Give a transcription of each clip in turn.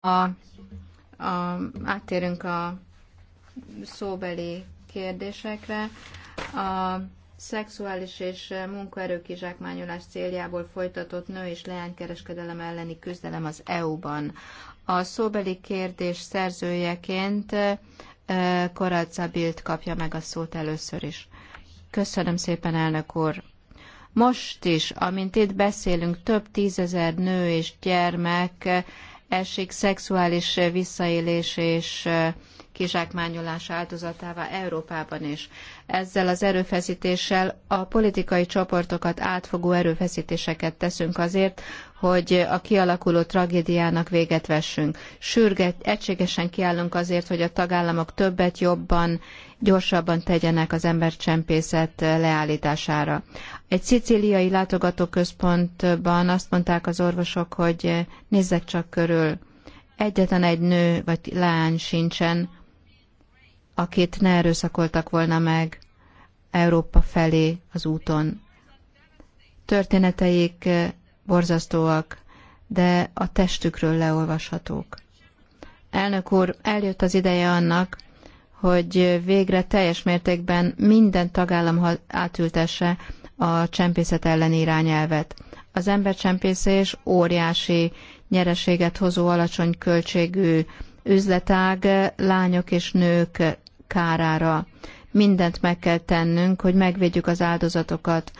a, a, áttérünk a szóbeli kérdésekre. A szexuális és munkaerő kizsákmányolás céljából folytatott nő és leánykereskedelem elleni küzdelem az EU-ban. A szóbeli kérdés szerzőjeként Koradza Bild kapja meg a szót először is. Köszönöm szépen, elnök úr! Most is, amint itt beszélünk, több tízezer nő és gyermek esik szexuális visszaélés és kizsákmányolás áldozatává Európában is. Ezzel az erőfeszítéssel a politikai csoportokat átfogó erőfeszítéseket teszünk azért, hogy a kialakuló tragédiának véget vessünk. Sürget, egységesen kiállunk azért, hogy a tagállamok többet jobban gyorsabban tegyenek az embercsempészet leállítására. Egy szicíliai látogatóközpontban azt mondták az orvosok, hogy nézzek csak körül, egyetlen egy nő vagy lány sincsen, akit ne erőszakoltak volna meg Európa felé az úton. Történeteik borzasztóak, de a testükről leolvashatók. Elnök úr, eljött az ideje annak, hogy végre teljes mértékben minden tagállam átültesse a csempészet elleni irányelvet. Az embercsempészés óriási nyereséget hozó alacsony költségű üzletág lányok és nők kárára. Mindent meg kell tennünk, hogy megvédjük az áldozatokat,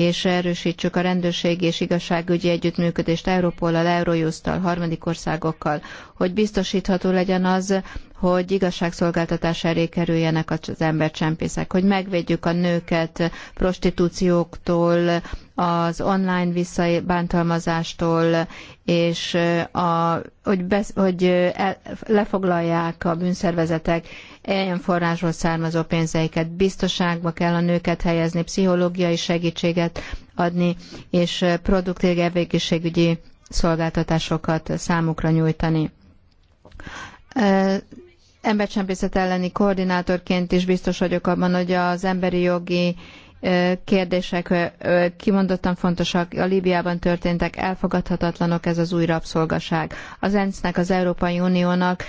és erősítsük a rendőrségi és igazságügyi együttműködést Európollal, Eurojusttal, harmadik országokkal, hogy biztosítható legyen az, hogy igazságszolgáltatás elé kerüljenek az embercsempészek, hogy megvédjük a nőket prostitúcióktól, az online visszabántalmazástól és a, hogy, besz, hogy el, lefoglalják a bűnszervezetek ilyen forrásból származó pénzeiket. Biztoságba kell a nőket helyezni, pszichológiai segítséget adni, és produktív egészségügyi szolgáltatásokat számukra nyújtani. Embercsempészet elleni koordinátorként is biztos vagyok abban, hogy az emberi jogi kérdések kimondottan fontosak, a Líbiában történtek, elfogadhatatlanok ez az új rabszolgaság. Az ENSZ-nek, az Európai Uniónak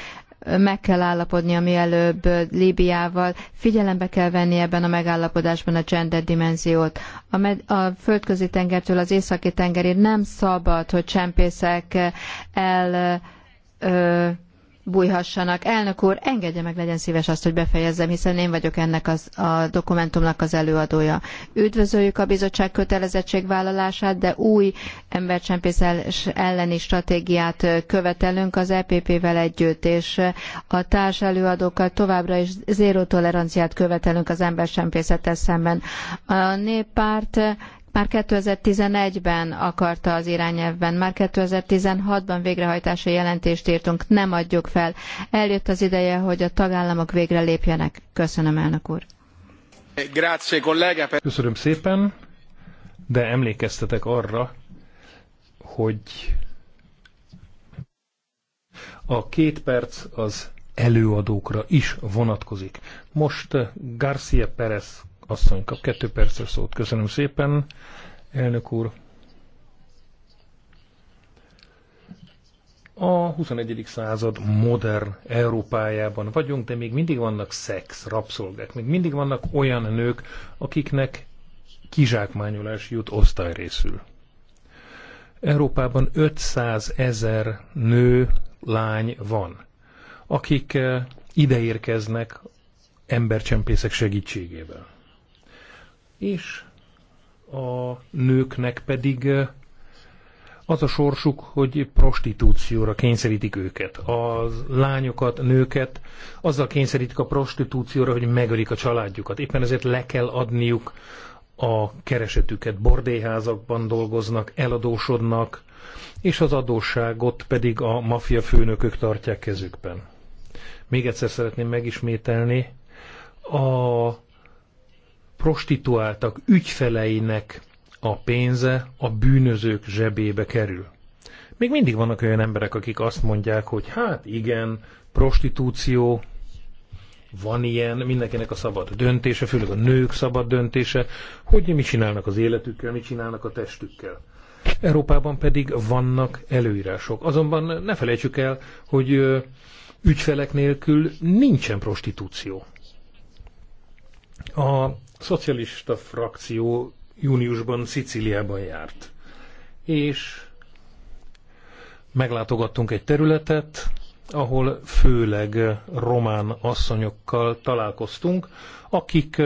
meg kell állapodnia mielőbb Líbiával, figyelembe kell venni ebben a megállapodásban a gender dimenziót. A, med- a földközi tengertől az északi tengerig nem szabad, hogy csempészek el ö, bújhassanak. Elnök úr, engedje meg, legyen szíves azt, hogy befejezzem, hiszen én vagyok ennek az, a dokumentumnak az előadója. Üdvözöljük a bizottság kötelezettségvállalását, de új embercsempészés elleni stratégiát követelünk az EPP-vel együtt, és a társ előadókkal továbbra is zéró toleranciát követelünk az embercsempészettel szemben. A néppárt már 2011-ben akarta az irányelvben, már 2016-ban végrehajtási jelentést írtunk, nem adjuk fel. Eljött az ideje, hogy a tagállamok végre lépjenek. Köszönöm, elnök úr. Köszönöm szépen, de emlékeztetek arra, hogy a két perc az előadókra is vonatkozik. Most Garcia Perez asszony kap kettő percre szót. Köszönöm szépen, elnök úr. A 21. század modern Európájában vagyunk, de még mindig vannak szex, rabszolgák, még mindig vannak olyan nők, akiknek kizsákmányolás jut osztályrészül. Európában 500 ezer nő, lány van, akik eh, ideérkeznek embercsempészek segítségével és a nőknek pedig eh, az a sorsuk, hogy prostitúcióra kényszerítik őket. A lányokat, nőket azzal kényszerítik a prostitúcióra, hogy megölik a családjukat. Éppen ezért le kell adniuk a keresetüket. Bordéházakban dolgoznak, eladósodnak, és az adósságot pedig a maffia főnökök tartják kezükben. Még egyszer szeretném megismételni, a prostituáltak ügyfeleinek a pénze a bűnözők zsebébe kerül. Még mindig vannak olyan emberek, akik azt mondják, hogy hát igen, prostitúció, van ilyen, mindenkinek a szabad döntése, főleg a nők szabad döntése, hogy mit csinálnak az életükkel, mit csinálnak a testükkel. Európában pedig vannak előírások. Azonban ne felejtsük el, hogy ügyfelek nélkül nincsen prostitúció. A szocialista frakció júniusban Szicíliában járt, és meglátogattunk egy területet, ahol főleg román asszonyokkal találkoztunk, akik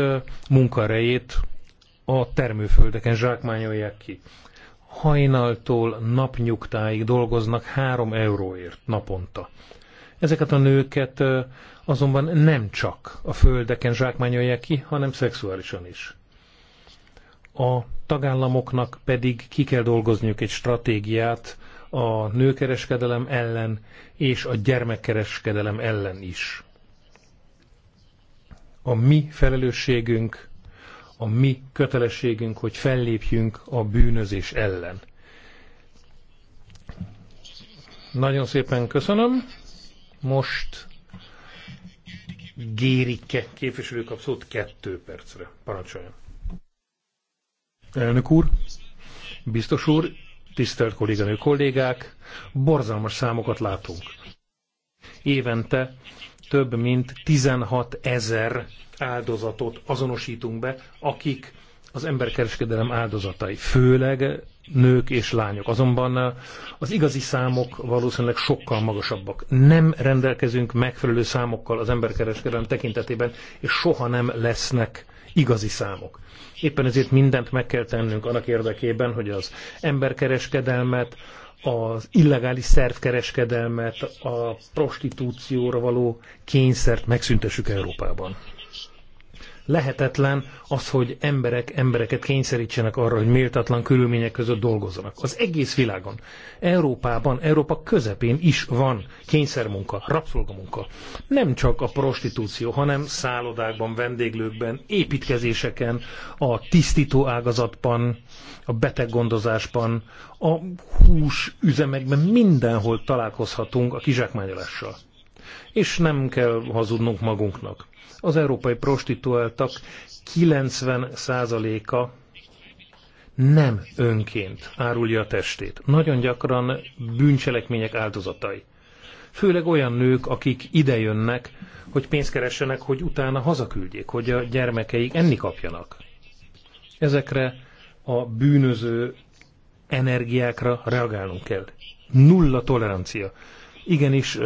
munkarejét a termőföldeken zsákmányolják ki. Hajnaltól napnyugtáig dolgoznak 3 euróért naponta. Ezeket a nőket azonban nem csak a földeken zsákmányolják ki, hanem szexuálisan is. A tagállamoknak pedig ki kell dolgozniuk egy stratégiát a nőkereskedelem ellen és a gyermekkereskedelem ellen is. A mi felelősségünk, a mi kötelességünk, hogy fellépjünk a bűnözés ellen. Nagyon szépen köszönöm. Most Gérike képviselő kap szót kettő percre. Parancsoljon. Elnök úr, biztos úr, tisztelt kolléganő kollégák, borzalmas számokat látunk. Évente több mint 16 ezer áldozatot azonosítunk be, akik az emberkereskedelem áldozatai, főleg nők és lányok. Azonban eh, az igazi számok valószínűleg sokkal magasabbak. Nem rendelkezünk megfelelő számokkal az emberkereskedelem tekintetében, és soha nem lesznek igazi számok. Éppen ezért mindent meg kell tennünk annak érdekében, hogy az emberkereskedelmet, az illegális szervkereskedelmet, a prostitúcióra való kényszert megszüntessük Európában lehetetlen az, hogy emberek embereket kényszerítsenek arra, hogy méltatlan körülmények között dolgozzanak. Az egész világon, Európában, Európa közepén is van kényszermunka, rabszolgamunka. Nem csak a prostitúció, hanem szállodákban, vendéglőkben, építkezéseken, a tisztító ágazatban, a beteggondozásban, a hús üzemekben mindenhol találkozhatunk a kizsákmányolással. És nem kell hazudnunk magunknak az európai prostituáltak 90%-a nem önként árulja a testét. Nagyon gyakran bűncselekmények áldozatai. Főleg olyan nők, akik idejönnek, hogy pénzt keressenek, hogy utána hazaküldjék, hogy a gyermekeik enni kapjanak. Ezekre a bűnöző energiákra reagálnunk kell. Nulla tolerancia. Igenis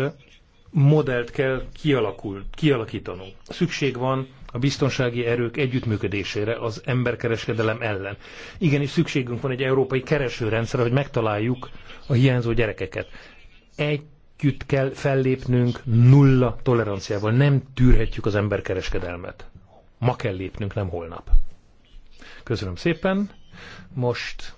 modellt kell kialakul, kialakítanunk. Szükség van a biztonsági erők együttműködésére az emberkereskedelem ellen. Igenis szükségünk van egy európai keresőrendszerre, hogy megtaláljuk a hiányzó gyerekeket. Együtt kell fellépnünk nulla toleranciával. Nem tűrhetjük az emberkereskedelmet. Ma kell lépnünk, nem holnap. Köszönöm szépen. Most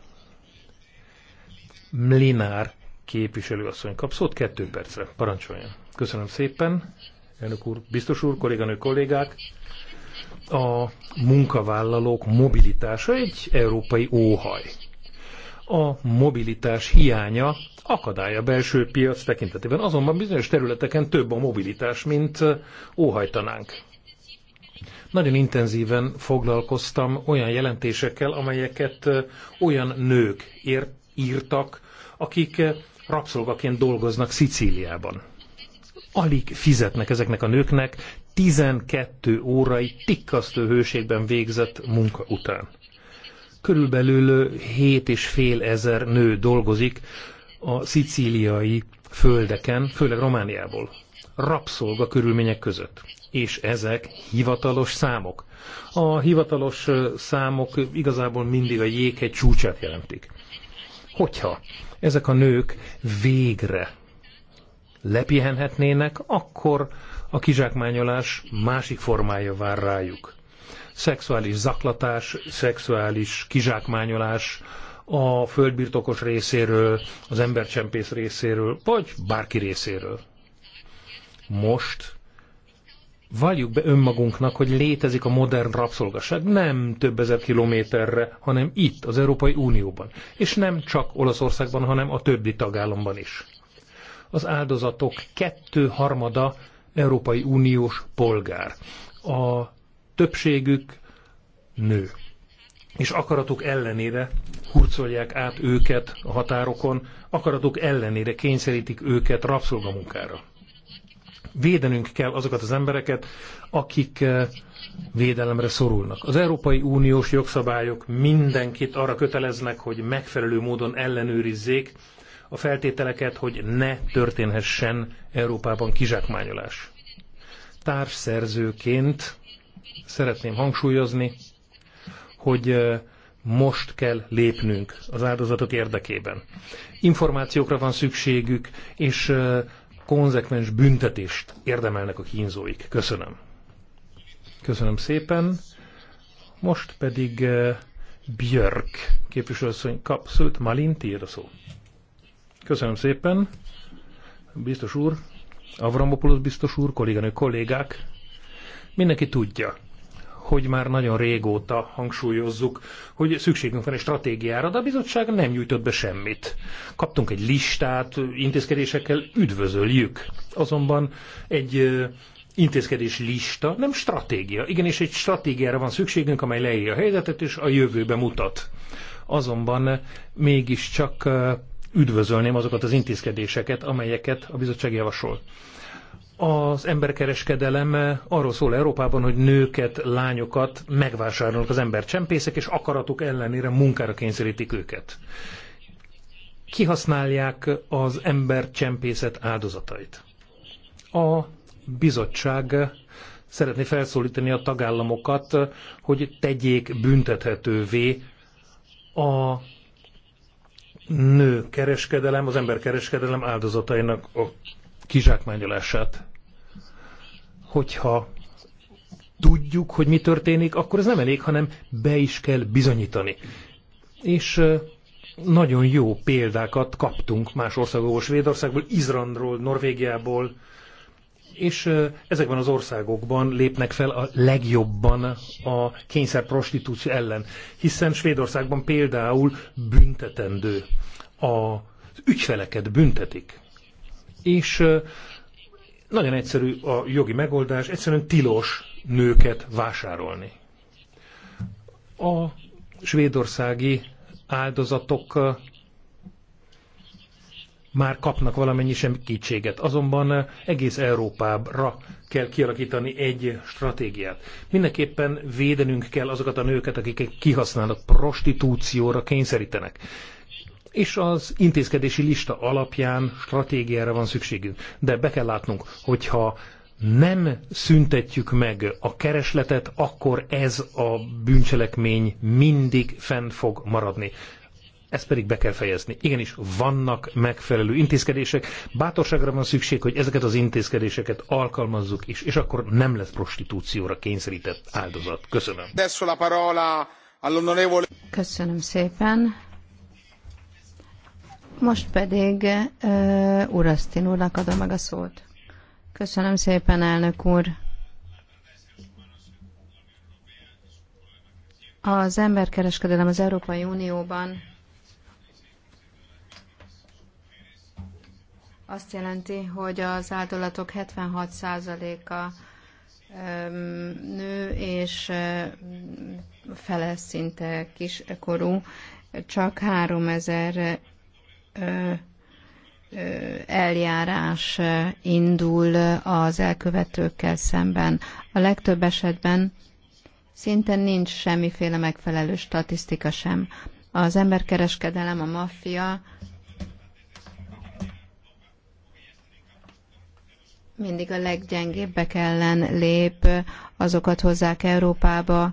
Mlinár képviselőasszony kap szót kettő percre. Parancsoljon. Köszönöm szépen, elnök úr, biztos úr, kolléganő, kollégák. A munkavállalók mobilitása egy európai óhaj. A mobilitás hiánya akadálya a belső piac tekintetében, azonban bizonyos területeken több a mobilitás, mint óhajtanánk. Nagyon intenzíven foglalkoztam olyan jelentésekkel, amelyeket olyan nők írtak, akik rabszolgaként dolgoznak Szicíliában alig fizetnek ezeknek a nőknek 12 órai tikkasztó hőségben végzett munka után. Körülbelül 7 és fél ezer nő dolgozik a szicíliai földeken, főleg Romániából, rabszolga körülmények között. És ezek hivatalos számok. A hivatalos számok igazából mindig a jéghegy csúcsát jelentik. Hogyha ezek a nők végre lepihenhetnének, akkor a kizsákmányolás másik formája vár rájuk. Szexuális zaklatás, szexuális kizsákmányolás a földbirtokos részéről, az embercsempész részéről, vagy bárki részéről. Most valljuk be önmagunknak, hogy létezik a modern rabszolgaság, nem több ezer kilométerre, hanem itt, az Európai Unióban. És nem csak Olaszországban, hanem a többi tagállamban is az áldozatok kettőharmada Európai Uniós polgár. A többségük nő. És akaratuk ellenére hurcolják át őket a határokon, akaratuk ellenére kényszerítik őket rabszolgamunkára. Védenünk kell azokat az embereket, akik eh, védelemre szorulnak. Az Európai Uniós jogszabályok mindenkit arra köteleznek, hogy megfelelő módon ellenőrizzék a feltételeket, hogy ne történhessen Európában kizsákmányolás. Társszerzőként szeretném hangsúlyozni, hogy most kell lépnünk az áldozatok érdekében. Információkra van szükségük, és konzekvens büntetést érdemelnek a kínzóik. Köszönöm. Köszönöm szépen. Most pedig Björk képviselőszony kap szót. Malin, tiéd a szó. Köszönöm szépen, biztos úr, Avramopoulos biztos úr, kolléganő kollégák. Mindenki tudja, hogy már nagyon régóta hangsúlyozzuk, hogy szükségünk van egy stratégiára, de a bizottság nem nyújtott be semmit. Kaptunk egy listát, intézkedésekkel üdvözöljük. Azonban egy intézkedés lista, nem stratégia. Igenis egy stratégiára van szükségünk, amely leírja a helyzetet és a jövőbe mutat. Azonban mégiscsak üdvözölném azokat az intézkedéseket, amelyeket a bizottság javasol. Az emberkereskedelem arról szól Európában, hogy nőket, lányokat megvásárolnak az embercsempészek, és akaratuk ellenére munkára kényszerítik őket. Kihasználják az embercsempészet áldozatait. A bizottság szeretné felszólítani a tagállamokat, hogy tegyék büntethetővé a nő kereskedelem, az ember kereskedelem áldozatainak a kizsákmányolását. Hogyha tudjuk, hogy mi történik, akkor ez nem elég, hanem be is kell bizonyítani. És nagyon jó példákat kaptunk más országokból, Svédországból, Izrandról, Norvégiából, és ezekben az országokban lépnek fel a legjobban a kényszer prostitúció ellen, hiszen Svédországban például büntetendő. A ügyfeleket büntetik. És nagyon egyszerű a jogi megoldás, egyszerűen tilos nőket vásárolni. A svédországi áldozatok már kapnak valamennyi sem kétséget. Azonban egész Európára kell kialakítani egy stratégiát. Mindenképpen védenünk kell azokat a nőket, akiket kihasználnak, prostitúcióra kényszerítenek. És az intézkedési lista alapján stratégiára van szükségünk. De be kell látnunk, hogyha nem szüntetjük meg a keresletet, akkor ez a bűncselekmény mindig fenn fog maradni ezt pedig be kell fejezni. Igenis, vannak megfelelő intézkedések, bátorságra van szükség, hogy ezeket az intézkedéseket alkalmazzuk is, és akkor nem lesz prostitúcióra kényszerített áldozat. Köszönöm. Köszönöm szépen. Most pedig uh, Urasztin úrnak adom meg a szót. Köszönöm szépen, elnök úr. Az emberkereskedelem az Európai Unióban azt jelenti, hogy az áldozatok 76%-a nő és fele szinte kiskorú, csak 3000 eljárás indul az elkövetőkkel szemben. A legtöbb esetben szinte nincs semmiféle megfelelő statisztika sem. Az emberkereskedelem, a maffia mindig a leggyengébbek ellen lép, azokat hozzák Európába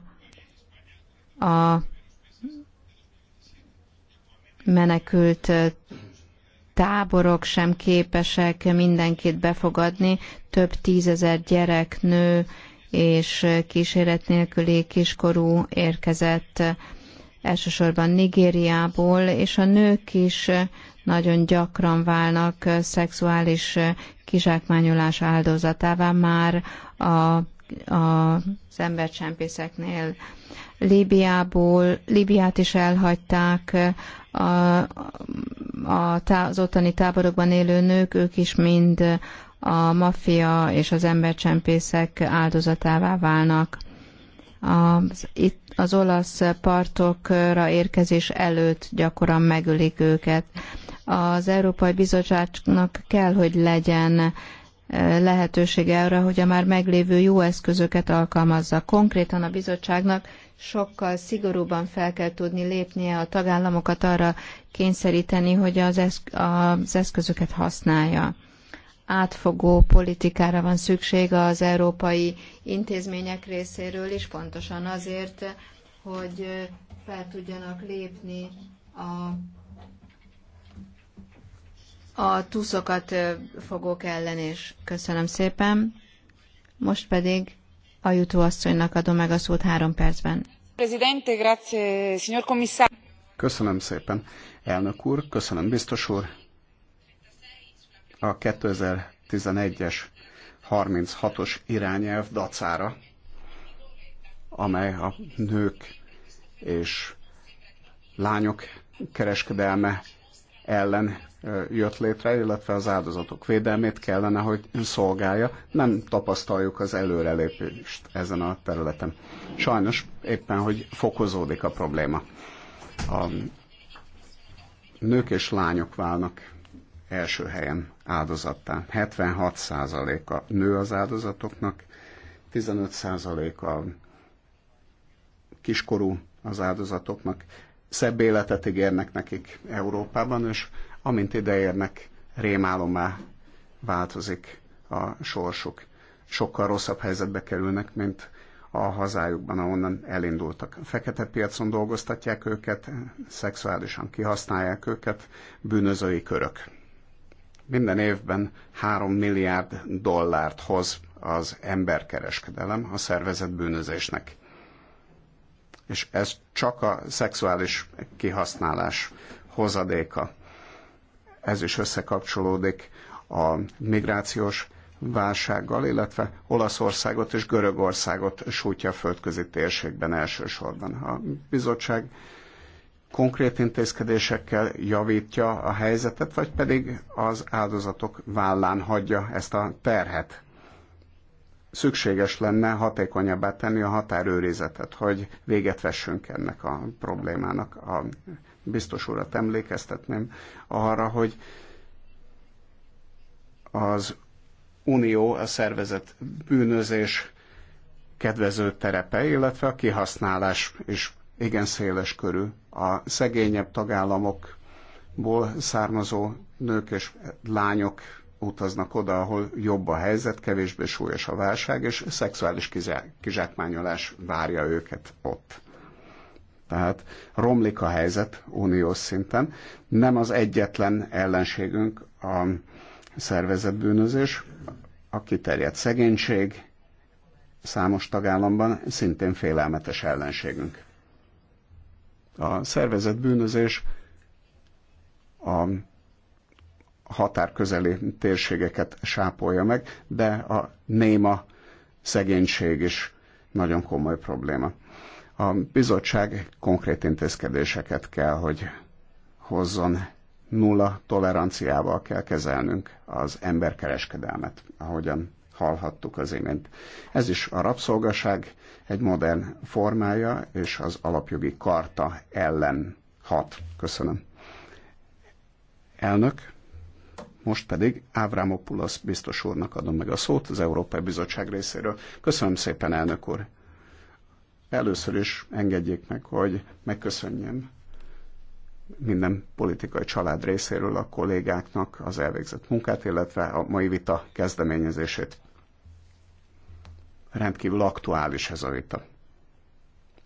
a menekült táborok sem képesek mindenkit befogadni, több tízezer gyerek, nő és kíséret nélküli kiskorú érkezett elsősorban Nigériából, és a nők is nagyon gyakran válnak szexuális kizsákmányolás áldozatává már a, a, az embercsempészeknél. Líbiából, Líbiát is elhagyták a, a, az ottani táborokban élő nők, ők is mind a maffia és az embercsempészek áldozatává válnak. A, itt az olasz partokra érkezés előtt gyakran megölik őket. Az Európai Bizottságnak kell, hogy legyen lehetősége arra, hogy a már meglévő jó eszközöket alkalmazza. Konkrétan a bizottságnak sokkal szigorúban fel kell tudni lépnie a tagállamokat arra kényszeríteni, hogy az, eszk- az eszközöket használja átfogó politikára van szükség az európai intézmények részéről is, pontosan azért, hogy fel tudjanak lépni a, a túszokat fogók ellen is. Köszönöm szépen. Most pedig a jutóasszonynak adom meg a szót három percben. Presidente, grazie, signor commissario. Köszönöm szépen, elnök úr, köszönöm biztos úr, a 2011-es 36-os irányelv dacára, amely a nők és lányok kereskedelme ellen jött létre, illetve az áldozatok védelmét kellene, hogy szolgálja. Nem tapasztaljuk az előrelépést ezen a területen. Sajnos éppen, hogy fokozódik a probléma. A nők és lányok válnak első helyen áldozattá. 76%-a nő az áldozatoknak, 15%-a kiskorú az áldozatoknak. Szebb életet ígérnek nekik Európában, és amint ideérnek, rémálomá változik a sorsuk. Sokkal rosszabb helyzetbe kerülnek, mint a hazájukban, ahonnan elindultak. Fekete piacon dolgoztatják őket, szexuálisan kihasználják őket, bűnözői körök minden évben 3 milliárd dollárt hoz az emberkereskedelem a szervezett bűnözésnek. És ez csak a szexuális kihasználás hozadéka. Ez is összekapcsolódik a migrációs válsággal, illetve Olaszországot és Görögországot sújtja a földközi térségben elsősorban. A bizottság konkrét intézkedésekkel javítja a helyzetet, vagy pedig az áldozatok vállán hagyja ezt a terhet. Szükséges lenne hatékonyabbá tenni a határőrizetet, hogy véget vessünk ennek a problémának. A biztos urat emlékeztetném arra, hogy az Unió a szervezet bűnözés kedvező terepe, illetve a kihasználás is igen széles körül a szegényebb tagállamokból származó nők és lányok utaznak oda, ahol jobb a helyzet, kevésbé súlyos a válság, és szexuális kizsákmányolás várja őket ott. Tehát romlik a helyzet uniós szinten. Nem az egyetlen ellenségünk a szervezett bűnözés, a kiterjedt szegénység számos tagállamban szintén félelmetes ellenségünk. A szervezett bűnözés a határközeli térségeket sápolja meg, de a néma szegénység is nagyon komoly probléma. A bizottság konkrét intézkedéseket kell, hogy hozzon nulla toleranciával kell kezelnünk az emberkereskedelmet, ahogyan hallhattuk az imént. Ez is a rabszolgaság egy modern formája, és az alapjogi karta ellen hat. Köszönöm. Elnök, most pedig Ávrámopulasz biztos úrnak adom meg a szót az Európai Bizottság részéről. Köszönöm szépen, elnök úr. Először is engedjék meg, hogy megköszönjem minden politikai család részéről a kollégáknak az elvégzett munkát, illetve a mai vita kezdeményezését rendkívül aktuális ez a vita.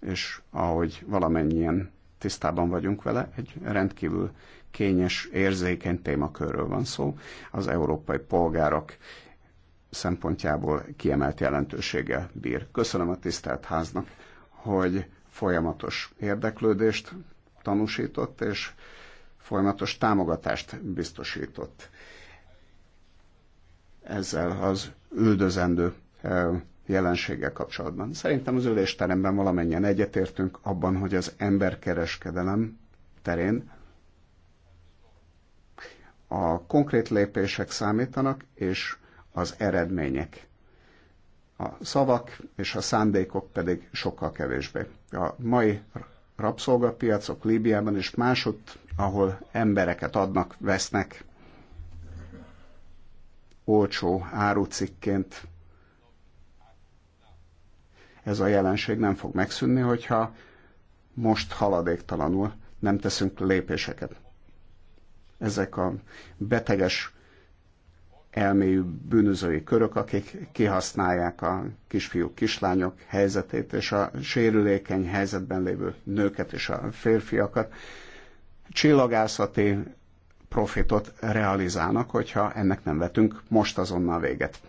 És ahogy valamennyien tisztában vagyunk vele, egy rendkívül kényes, érzékeny témakörről van szó. Az európai polgárok szempontjából kiemelt jelentőséggel bír. Köszönöm a tisztelt háznak, hogy folyamatos érdeklődést tanúsított, és folyamatos támogatást biztosított. Ezzel az üldözendő eh, jelenséggel kapcsolatban. Szerintem az ülésteremben valamennyien egyetértünk abban, hogy az emberkereskedelem terén a konkrét lépések számítanak, és az eredmények. A szavak és a szándékok pedig sokkal kevésbé. A mai rabszolgapiacok Líbiában és másutt, ahol embereket adnak, vesznek, olcsó árucikként ez a jelenség nem fog megszűnni, hogyha most haladéktalanul nem teszünk lépéseket. Ezek a beteges elmélyű bűnözői körök, akik kihasználják a kisfiúk, kislányok helyzetét, és a sérülékeny helyzetben lévő nőket és a férfiakat. Csillagászati profitot realizálnak, hogyha ennek nem vetünk most azonnal véget.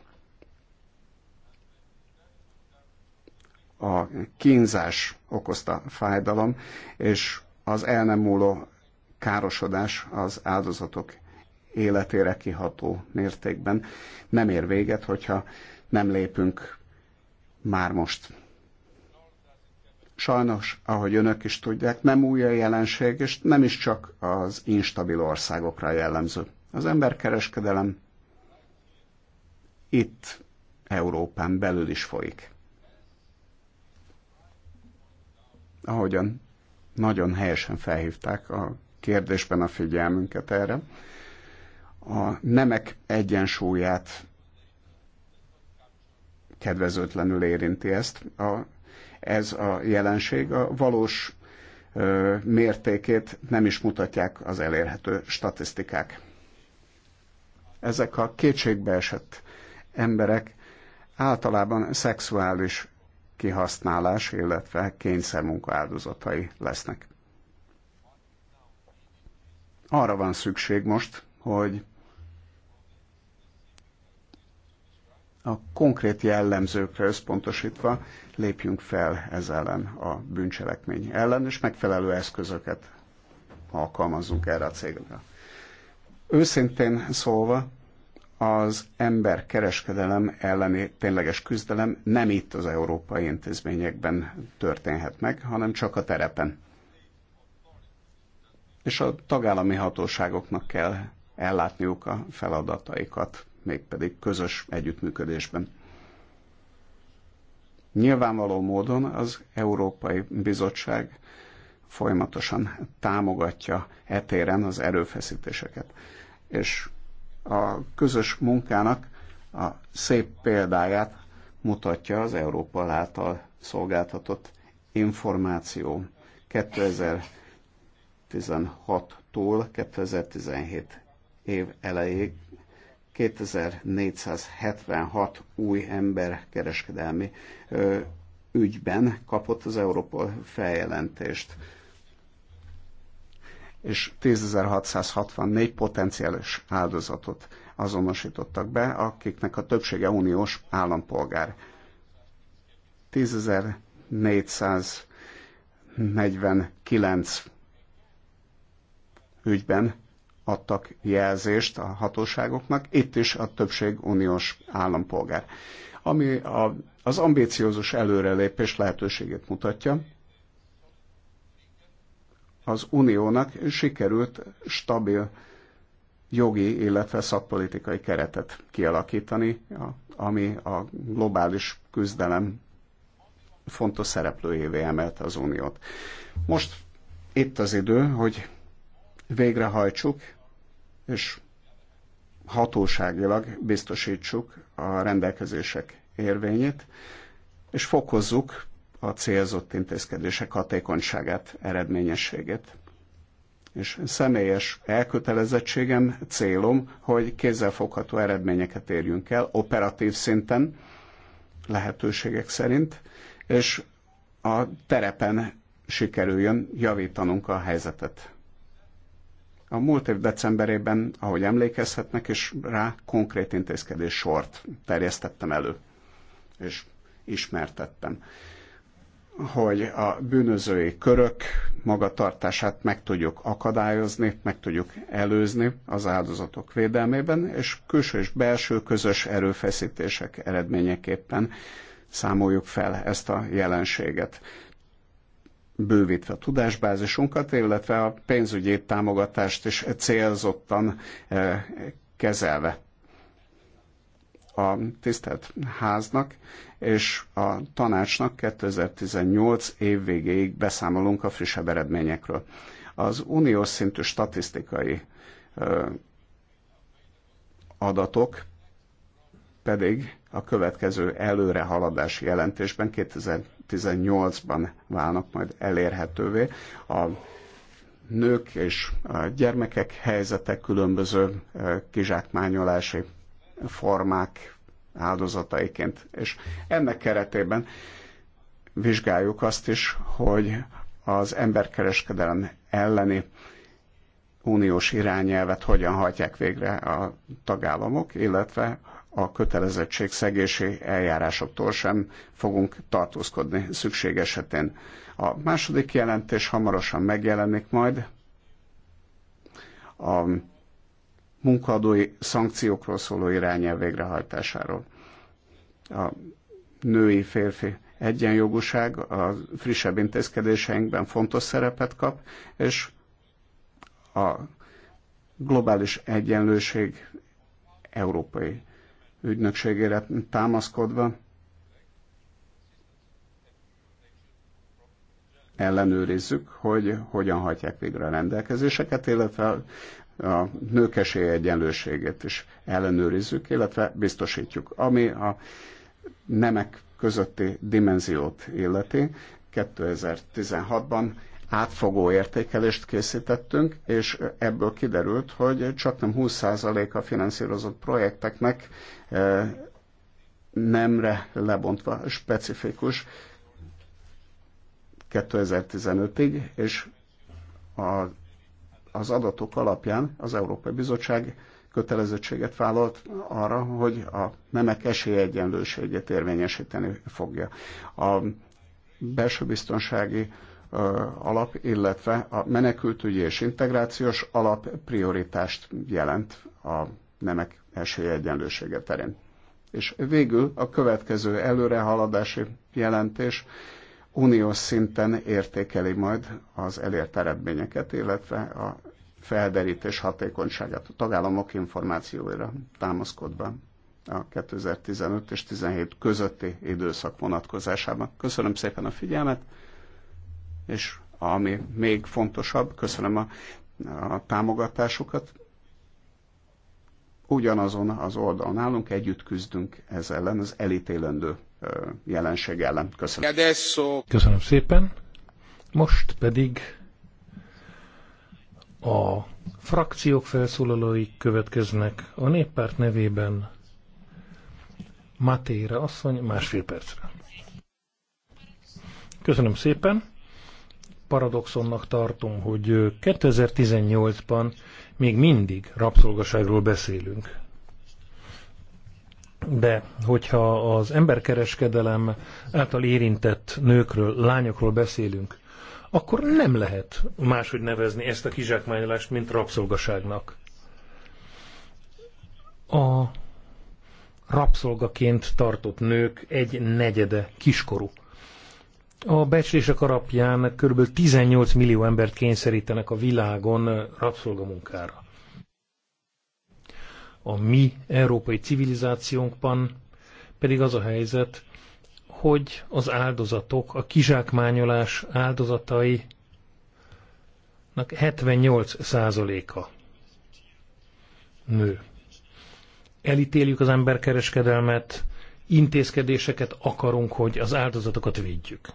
a kínzás okozta fájdalom, és az el nem múló károsodás az áldozatok életére kiható mértékben nem ér véget, hogyha nem lépünk már most. Sajnos, ahogy önök is tudják, nem új a jelenség, és nem is csak az instabil országokra jellemző. Az emberkereskedelem itt Európán belül is folyik. ahogyan nagyon helyesen felhívták a kérdésben a figyelmünket erre, a nemek egyensúlyát kedvezőtlenül érinti ezt. A, ez a jelenség a valós ö, mértékét nem is mutatják az elérhető statisztikák. Ezek a kétségbeesett emberek általában szexuális kihasználás, illetve kényszermunka áldozatai lesznek. Arra van szükség most, hogy a konkrét jellemzőkre összpontosítva lépjünk fel ez ellen a bűncselekmény ellen, és megfelelő eszközöket alkalmazzunk erre a cégre. Őszintén szólva, az ember kereskedelem elleni tényleges küzdelem nem itt az európai intézményekben történhet meg, hanem csak a terepen. És a tagállami hatóságoknak kell ellátniuk a feladataikat, mégpedig közös együttműködésben. Nyilvánvaló módon az Európai Bizottság folyamatosan támogatja etéren az erőfeszítéseket, és a közös munkának a szép példáját mutatja az Európa által szolgáltatott információ 2016-tól 2017 év elejéig 2476 új ember kereskedelmi ügyben kapott az Európa feljelentést és 10.664 potenciális áldozatot azonosítottak be, akiknek a többsége uniós állampolgár. 10.449 ügyben adtak jelzést a hatóságoknak, itt is a többség uniós állampolgár, ami a, az ambíciózus előrelépés lehetőségét mutatja, az uniónak sikerült stabil jogi, illetve szakpolitikai keretet kialakítani, ami a globális küzdelem fontos szereplőjévé emelte az uniót. Most itt az idő, hogy végrehajtsuk, és hatóságilag biztosítsuk a rendelkezések érvényét, és fokozzuk a célzott intézkedések hatékonyságát, eredményességét. És személyes elkötelezettségem, célom, hogy kézzelfogható eredményeket érjünk el operatív szinten, lehetőségek szerint, és a terepen sikerüljön javítanunk a helyzetet. A múlt év decemberében, ahogy emlékezhetnek, és rá konkrét intézkedés sort terjesztettem elő, és ismertettem hogy a bűnözői körök magatartását meg tudjuk akadályozni, meg tudjuk előzni az áldozatok védelmében, és külső és belső közös erőfeszítések eredményeképpen számoljuk fel ezt a jelenséget bővítve a tudásbázisunkat, illetve a pénzügyi támogatást is célzottan eh, kezelve a tisztelt háznak és a tanácsnak 2018 év végéig beszámolunk a frissebb eredményekről. Az uniós szintű statisztikai adatok pedig a következő előrehaladási jelentésben 2018-ban válnak majd elérhetővé. A nők és a gyermekek helyzete különböző kizsákmányolási formák áldozataiként. És ennek keretében vizsgáljuk azt is, hogy az emberkereskedelem elleni uniós irányelvet hogyan hajtják végre a tagállamok, illetve a szegési eljárásoktól sem fogunk tartózkodni szükség esetén. A második jelentés hamarosan megjelenik majd. A munkadói szankciókról szóló irányelv végrehajtásáról. A női-férfi egyenjogúság a frissebb intézkedéseinkben fontos szerepet kap, és a globális egyenlőség európai ügynökségére támaszkodva ellenőrizzük, hogy hogyan hagyják végre a rendelkezéseket, illetve a nők egyenlőségét is ellenőrizzük, illetve biztosítjuk. Ami a nemek közötti dimenziót illeti, 2016-ban átfogó értékelést készítettünk, és ebből kiderült, hogy csak nem 20% a finanszírozott projekteknek e, nemre lebontva specifikus 2015-ig, és a az adatok alapján az Európai Bizottság kötelezettséget vállalt arra, hogy a nemek esélyegyenlőségét érvényesíteni fogja. A belső biztonsági alap, illetve a menekültügyi és integrációs alap prioritást jelent a nemek esélyegyenlősége terén. És végül a következő előrehaladási jelentés uniós szinten értékeli majd az elért eredményeket, illetve a felderítés hatékonyságát a tagállamok információira támaszkodva a 2015 és 17 közötti időszak vonatkozásában. Köszönöm szépen a figyelmet, és ami még fontosabb, köszönöm a, a támogatásukat. Ugyanazon az oldalon állunk, együtt küzdünk ez ellen, az elítélendő jelenség ellen. Köszönöm. Köszönöm szépen. Most pedig a frakciók felszólalói következnek a néppárt nevében Matéra asszony másfél percre. Köszönöm szépen. Paradoxonnak tartom, hogy 2018-ban még mindig rabszolgaságról beszélünk. De, hogyha az emberkereskedelem által érintett nőkről, lányokról beszélünk, akkor nem lehet máshogy nevezni ezt a kizsákmányolást, mint rabszolgaságnak. A rabszolgaként tartott nők egy negyede kiskorú. A becslések alapján kb. 18 millió embert kényszerítenek a világon rabszolgamunkára. A mi európai civilizációnkban pedig az a helyzet, hogy az áldozatok, a kizsákmányolás áldozatai 78%-a nő. Elítéljük az emberkereskedelmet, intézkedéseket akarunk, hogy az áldozatokat védjük.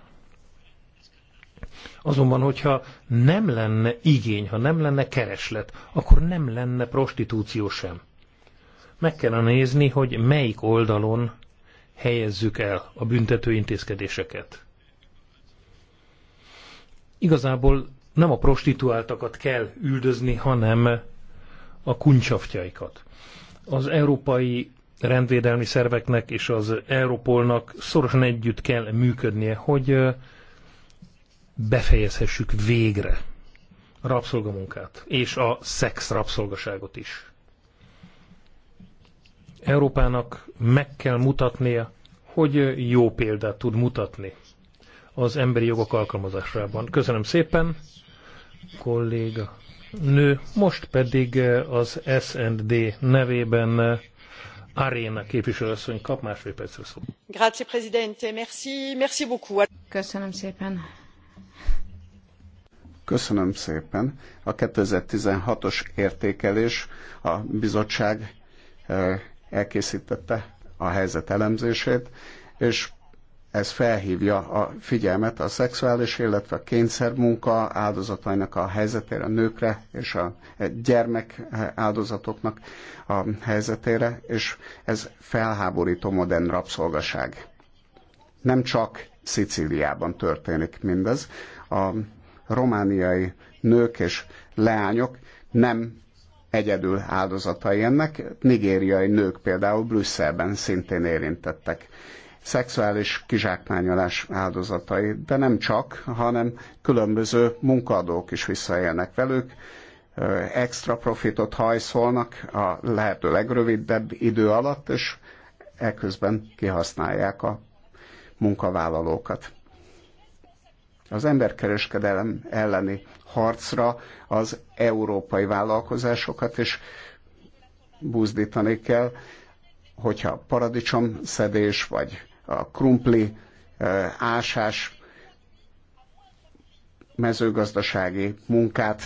Azonban, hogyha nem lenne igény, ha nem lenne kereslet, akkor nem lenne prostitúció sem meg kellene nézni, hogy melyik oldalon helyezzük el a büntető intézkedéseket. Igazából nem a prostituáltakat kell üldözni, hanem a kuncsaftjaikat. Az európai rendvédelmi szerveknek és az Európolnak szorosan együtt kell működnie, hogy befejezhessük végre a rabszolgamunkát, és a szex rabszolgaságot is. Európának meg kell mutatnia, hogy jó példát tud mutatni az emberi jogok alkalmazásában. Köszönöm szépen, kolléga nő, most pedig eh, az SND nevében eh, Aréna képviselőasszony kap másfél percre szó. Grazie, Presidente. Merci, merci beaucoup. Köszönöm szépen. Köszönöm szépen. A 2016-os értékelés a bizottság eh, elkészítette a helyzet elemzését, és ez felhívja a figyelmet a szexuális, illetve a kényszermunka áldozatainak a helyzetére, a nőkre és a gyermek áldozatoknak a helyzetére, és ez felháborító modern rabszolgaság. Nem csak Szicíliában történik mindez. A romániai nők és leányok nem egyedül áldozatai ennek. Nigériai nők például Brüsszelben szintén érintettek. Szexuális kizsákmányolás áldozatai, de nem csak, hanem különböző munkadók is visszaélnek velük, extra profitot hajszolnak a lehető legrövidebb idő alatt, és ekközben kihasználják a munkavállalókat. Az emberkereskedelem elleni harcra az európai vállalkozásokat is buzdítani kell, hogyha paradicsom szedés vagy a krumpli ásás mezőgazdasági munkát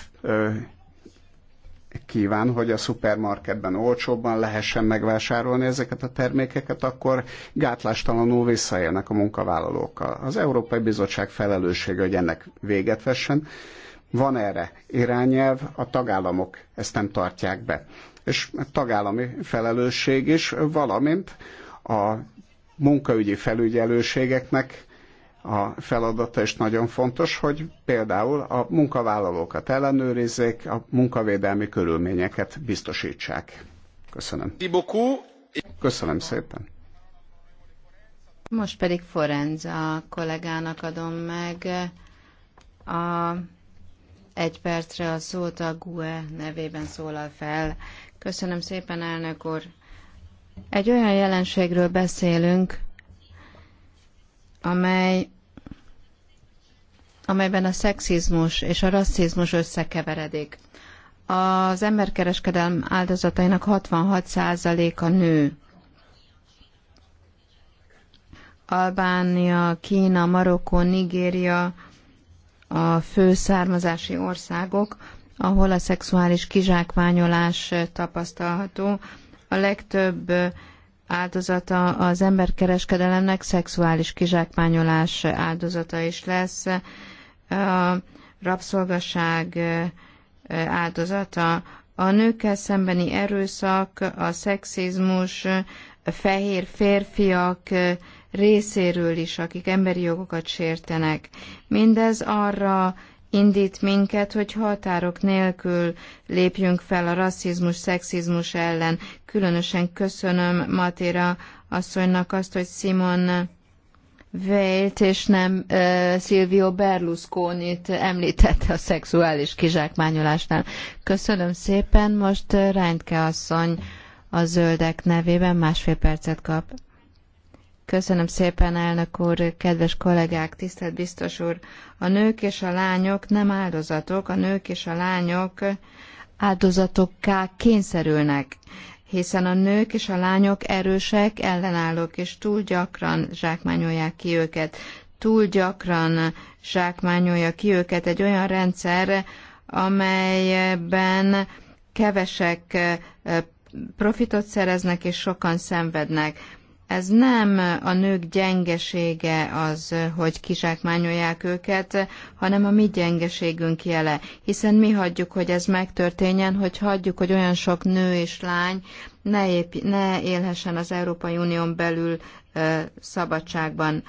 kíván, hogy a szupermarketben olcsóbban lehessen megvásárolni ezeket a termékeket, akkor gátlástalanul visszaélnek a munkavállalókkal. Az Európai Bizottság felelőssége, hogy ennek véget vessen. Van erre irányelv, a tagállamok ezt nem tartják be. És tagállami felelősség is, valamint a munkaügyi felügyelőségeknek a feladata, és nagyon fontos, hogy például a munkavállalókat ellenőrizzék, a munkavédelmi körülményeket biztosítsák. Köszönöm. Köszönöm szépen. Most pedig a kollégának adom meg a egy percre a szót a GUE nevében szólal fel. Köszönöm szépen, elnök úr. Egy olyan jelenségről beszélünk, amely amelyben a szexizmus és a rasszizmus összekeveredik. Az emberkereskedelm áldozatainak 66%-a nő. Albánia, Kína, Marokkó, Nigéria a fő származási országok, ahol a szexuális kizsákmányolás tapasztalható. A legtöbb áldozata az emberkereskedelemnek, szexuális kizsákmányolás áldozata is lesz, a rabszolgaság áldozata, a nőkkel szembeni erőszak, a szexizmus, a fehér férfiak részéről is, akik emberi jogokat sértenek. Mindez arra indít minket, hogy határok nélkül lépjünk fel a rasszizmus, szexizmus ellen. Különösen köszönöm Matéra asszonynak azt, hogy Simon Vélt és nem uh, Silvio Berlusconit említette a szexuális kizsákmányolásnál. Köszönöm szépen, most Reintke asszony a zöldek nevében másfél percet kap. Köszönöm szépen, elnök úr, kedves kollégák, tisztelt biztos úr. A nők és a lányok nem áldozatok, a nők és a lányok áldozatokká kényszerülnek, hiszen a nők és a lányok erősek, ellenállók, és túl gyakran zsákmányolják ki őket. Túl gyakran zsákmányolja ki őket egy olyan rendszer, amelyben kevesek eh, profitot szereznek és sokan szenvednek ez nem a nők gyengesége az, hogy kizsákmányolják őket, hanem a mi gyengeségünk jele. Hiszen mi hagyjuk, hogy ez megtörténjen, hogy hagyjuk, hogy olyan sok nő és lány ne, épp, ne élhessen az Európai Unión belül ö, szabadságban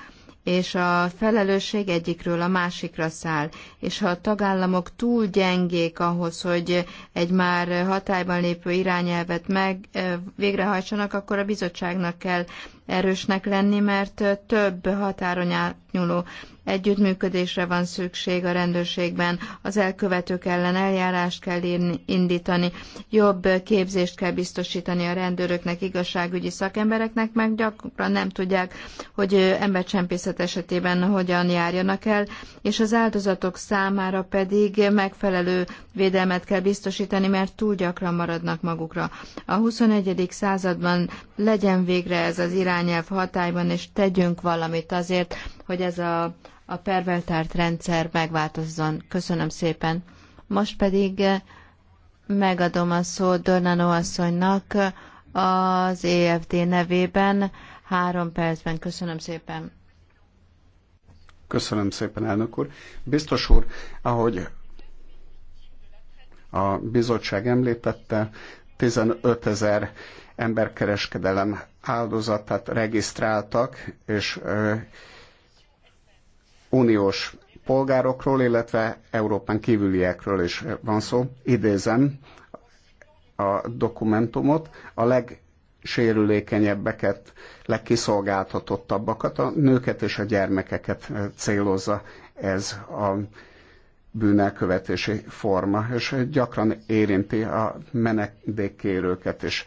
és a felelősség egyikről a másikra száll, és ha a tagállamok túl gyengék ahhoz, hogy egy már hatályban lépő irányelvet meg végrehajtsanak, akkor a bizottságnak kell erősnek lenni, mert több határon átnyúló Együttműködésre van szükség a rendőrségben, az elkövetők ellen eljárást kell indítani, jobb képzést kell biztosítani a rendőröknek, igazságügyi szakembereknek, meg gyakran nem tudják, hogy embercsempészet esetében hogyan járjanak el, és az áldozatok számára pedig megfelelő védelmet kell biztosítani, mert túl gyakran maradnak magukra. A 21. században legyen végre ez az irányelv hatályban, és tegyünk valamit azért, hogy ez a a perveltárt rendszer megváltozzon. Köszönöm szépen. Most pedig eh, megadom a szót Dornanó asszonynak az EFD nevében. Három percben. Köszönöm szépen. Köszönöm szépen, elnök úr. Biztos úr, ahogy a bizottság említette, 15 ezer emberkereskedelem áldozatát regisztráltak, és uniós polgárokról, illetve Európán kívüliekről is van szó. Idézem a dokumentumot, a legsérülékenyebbeket, legkiszolgáltatottabbakat, a nőket és a gyermekeket célozza ez a bűnelkövetési forma, és gyakran érinti a menedékkérőket is.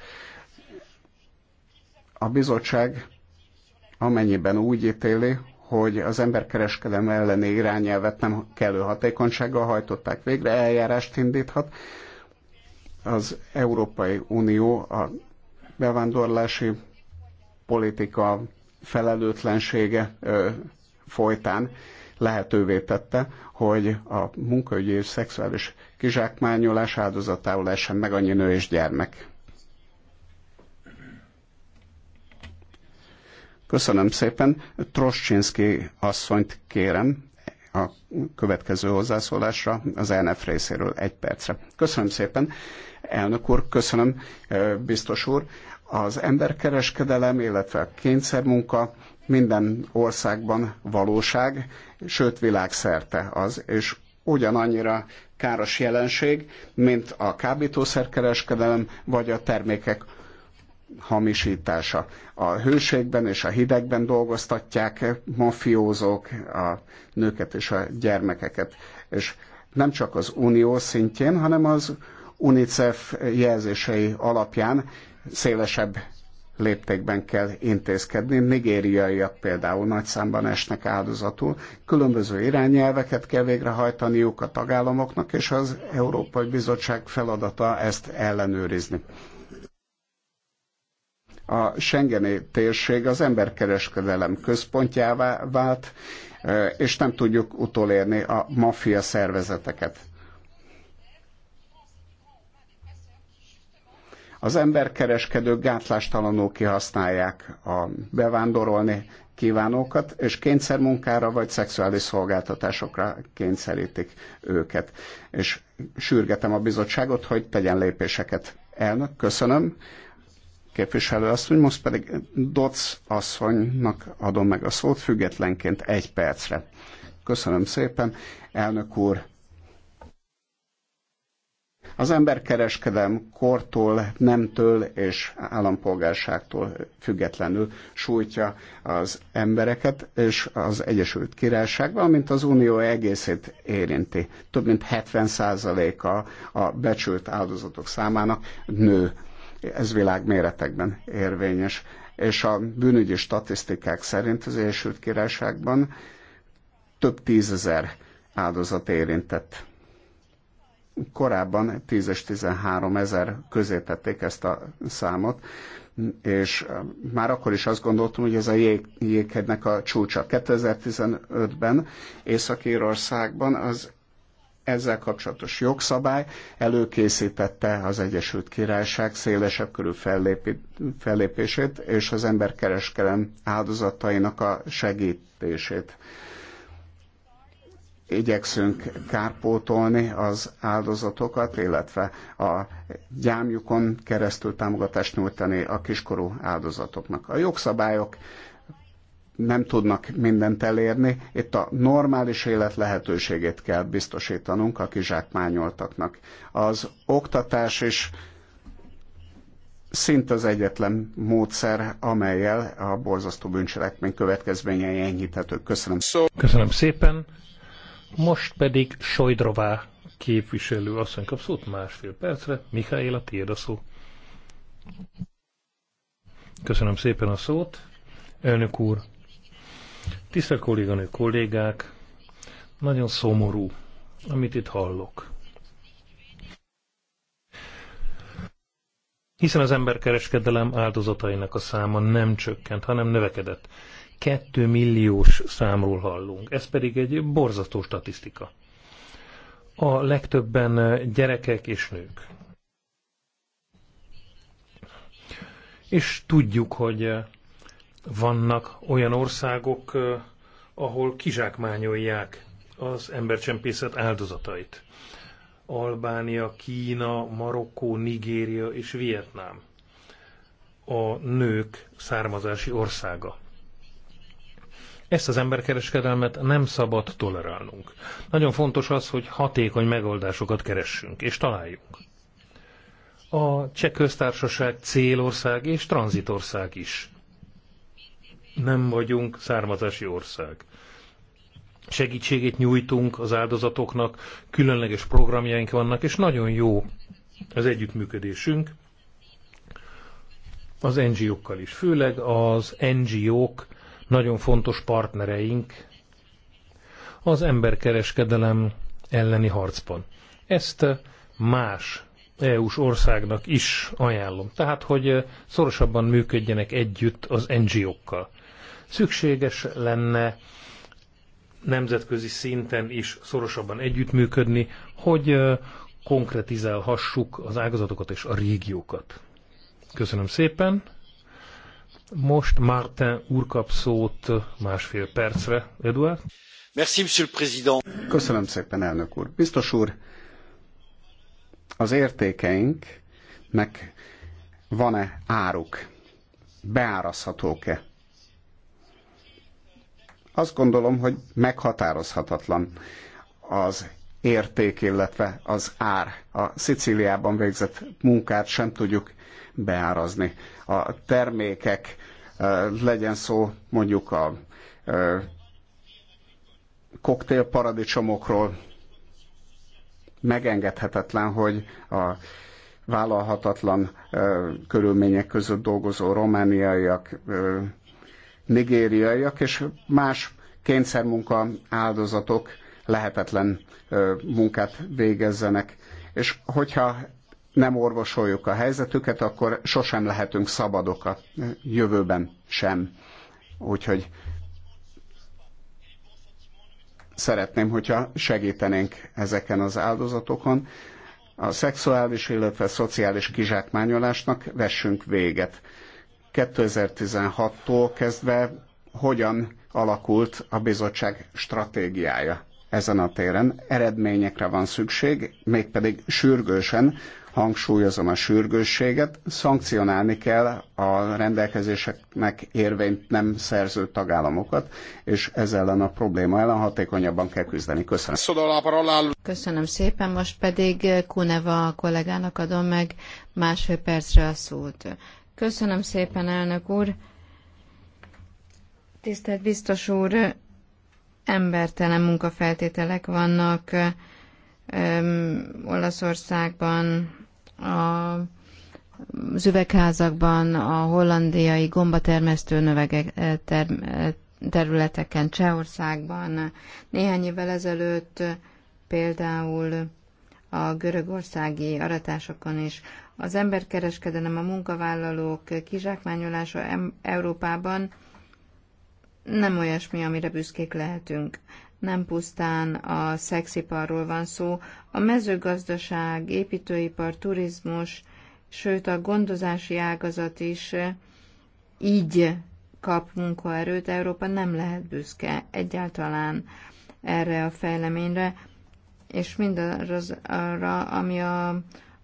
A bizottság amennyiben úgy ítéli, hogy az emberkereskedelme elleni irányelvet nem kellő hatékonysággal hajtották végre, eljárást indíthat. Az Európai Unió a bevándorlási politika felelőtlensége ö, folytán lehetővé tette, hogy a munkaügyi és szexuális kizsákmányolás áldozatául essen meg annyi nő és gyermek. Köszönöm szépen. Troscsinszki asszonyt kérem a következő hozzászólásra az ELNF részéről egy percre. Köszönöm szépen, elnök úr, köszönöm, biztos úr. Az emberkereskedelem, illetve a kényszermunka minden országban valóság, sőt világszerte az, és ugyanannyira káros jelenség, mint a kábítószerkereskedelem vagy a termékek hamisítása. A hőségben és a hidegben dolgoztatják mafiózók, a nőket és a gyermekeket. És nem csak az unió szintjén, hanem az UNICEF jelzései alapján szélesebb léptékben kell intézkedni. Nigériaiak például nagy számban esnek áldozatul. Különböző irányelveket kell végrehajtaniuk a tagállamoknak, és az Európai Bizottság feladata ezt ellenőrizni a Schengeni térség az emberkereskedelem központjává vált, e, és nem tudjuk utolérni a maffia szervezeteket. Az emberkereskedők gátlástalanul kihasználják a bevándorolni kívánókat, és kényszermunkára vagy szexuális szolgáltatásokra kényszerítik őket. És sürgetem a bizottságot, hogy tegyen lépéseket. Elnök, köszönöm képviselő asszony, most pedig Doc asszonynak adom meg a szót függetlenként egy percre. Köszönöm szépen, elnök úr. Az emberkereskedem kortól, nemtől és állampolgárságtól függetlenül sújtja az embereket és az Egyesült Királyság, valamint az Unió egészét érinti. Több mint 70%-a a becsült áldozatok számának nő ez világméretekben érvényes. És a bűnügyi statisztikák szerint az Egyesült Királyságban több tízezer áldozat érintett. Korábban 10 és 13 ezer közé tették ezt a számot, és már akkor is azt gondoltam, hogy ez a jég, jéghegynek a csúcsa. 2015-ben Észak-Írországban az ezzel kapcsolatos jogszabály előkészítette az Egyesült Királyság szélesebb körű fellépését és az emberkereskedelem áldozatainak a segítését. Igyekszünk kárpótolni az áldozatokat, illetve a gyámjukon keresztül támogatást nyújtani a kiskorú áldozatoknak. A jogszabályok nem tudnak mindent elérni. Itt a normális élet lehetőségét kell biztosítanunk a kizsákmányoltaknak. Az oktatás is szint az egyetlen módszer, amelyel a borzasztó bűncselekmény következményei enyhíthetők. Köszönöm. Köszönöm szépen. Most pedig Sojdrová képviselő asszony kap szót másfél percre. Mihály a tiéd a szó. Köszönöm szépen a szót. Elnök úr, Tisztelt kolléganő kollégák, nagyon szomorú, amit itt hallok. Hiszen az emberkereskedelem áldozatainak a száma nem csökkent, hanem növekedett. Kettő milliós számról hallunk. Ez pedig egy borzasztó statisztika. A legtöbben gyerekek és nők. És tudjuk, hogy vannak olyan országok, ahol kizsákmányolják az embercsempészet áldozatait. Albánia, Kína, Marokkó, Nigéria és Vietnám a nők származási országa. Ezt az emberkereskedelmet nem szabad tolerálnunk. Nagyon fontos az, hogy hatékony megoldásokat keressünk és találjunk. A cseh köztársaság célország és tranzitország is nem vagyunk származási ország. Segítségét nyújtunk az áldozatoknak, különleges programjaink vannak, és nagyon jó az együttműködésünk az NGO-kkal is. Főleg az NGO-k nagyon fontos partnereink az emberkereskedelem elleni harcban. Ezt más EU-s országnak is ajánlom. Tehát, hogy szorosabban működjenek együtt az NGO-kkal. Szükséges lenne nemzetközi szinten is szorosabban együttműködni, hogy konkretizálhassuk az ágazatokat és a régiókat. Köszönöm szépen. Most Martin úr kap szót másfél percre. Eduard? Merci, monsieur le président. Köszönöm szépen, elnök úr. Biztos úr, az értékeinknek van-e áruk? Beárazhatók-e? Azt gondolom, hogy meghatározhatatlan az érték, illetve az ár. A Szicíliában végzett munkát sem tudjuk beárazni. A termékek, legyen szó mondjuk a koktélparadicsomokról, megengedhetetlen, hogy a vállalhatatlan körülmények között dolgozó romániaiak nigériaiak és más kényszermunka áldozatok lehetetlen munkát végezzenek. És hogyha nem orvosoljuk a helyzetüket, akkor sosem lehetünk szabadok a jövőben sem. Úgyhogy szeretném, hogyha segítenénk ezeken az áldozatokon. A szexuális, illetve szociális kizsákmányolásnak vessünk véget. 2016-tól kezdve hogyan alakult a bizottság stratégiája ezen a téren. Eredményekre van szükség, mégpedig sürgősen, hangsúlyozom a sürgősséget, szankcionálni kell a rendelkezéseknek érvényt nem szerző tagállamokat, és ez ellen a probléma ellen hatékonyabban kell küzdeni. Köszönöm. Köszönöm szépen, most pedig Kuneva kollégának adom meg másfél percre a szót. Köszönöm szépen, elnök úr. Tisztelt biztos úr, embertelen munkafeltételek vannak öm, Olaszországban, a, az üvegházakban, a hollandiai gombatermesztő növegek, eh, ter, eh, területeken, Csehországban. Néhány évvel ezelőtt például a görögországi aratásokon is. Az emberkereskedelem, a munkavállalók kizsákmányolása Európában nem olyasmi, amire büszkék lehetünk. Nem pusztán a szexiparról van szó, a mezőgazdaság, építőipar, turizmus, sőt a gondozási ágazat is így kap munkaerőt, Európa nem lehet büszke egyáltalán erre a fejleményre, és mindarra, ami a,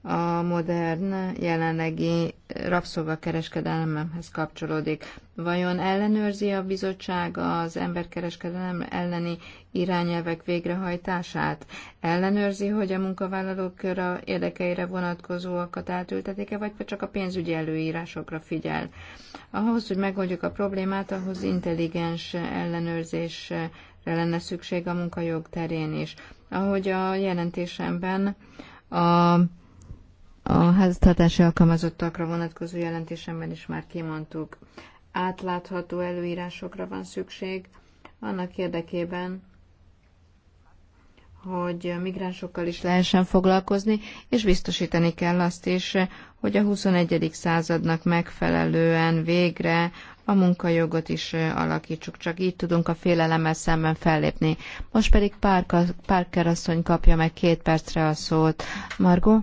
a modern jelenlegi rabszolgakereskedelemhez kapcsolódik. Vajon ellenőrzi a bizottság az emberkereskedelem elleni irányelvek végrehajtását? Ellenőrzi, hogy a munkavállalók a érdekeire vonatkozóakat átültetik-e, vagy csak a pénzügyi előírásokra figyel? Ahhoz, hogy megoldjuk a problémát, ahhoz intelligens ellenőrzés lenne szükség a munkajog terén is. Ahogy a jelentésemben a a háztartási alkalmazottakra vonatkozó jelentésemben is már kimondtuk. Átlátható előírásokra van szükség annak érdekében, hogy migránsokkal is lehessen foglalkozni, és biztosítani kell azt is, hogy a 21. századnak megfelelően végre a munkajogot is alakítsuk, csak így tudunk a félelemmel szemben fellépni. Most pedig Parker, asszony kapja meg két percre a szót. Margó?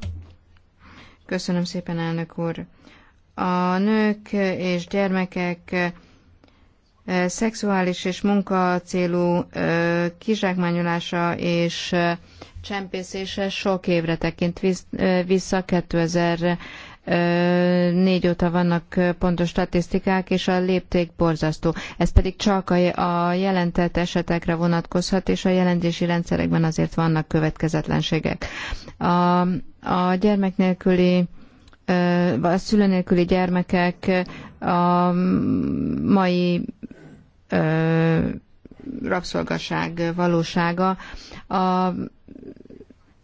Köszönöm szépen, elnök úr. A nők és gyermekek szexuális és munkacélú kizsákmányolása és csempészése sok évre tekint vissza 2000 négy óta vannak pontos statisztikák, és a lépték borzasztó. Ez pedig csak a jelentett esetekre vonatkozhat, és a jelentési rendszerekben azért vannak következetlenségek. A, a gyermek nélküli a szülő nélküli gyermekek a mai rabszolgaság valósága. A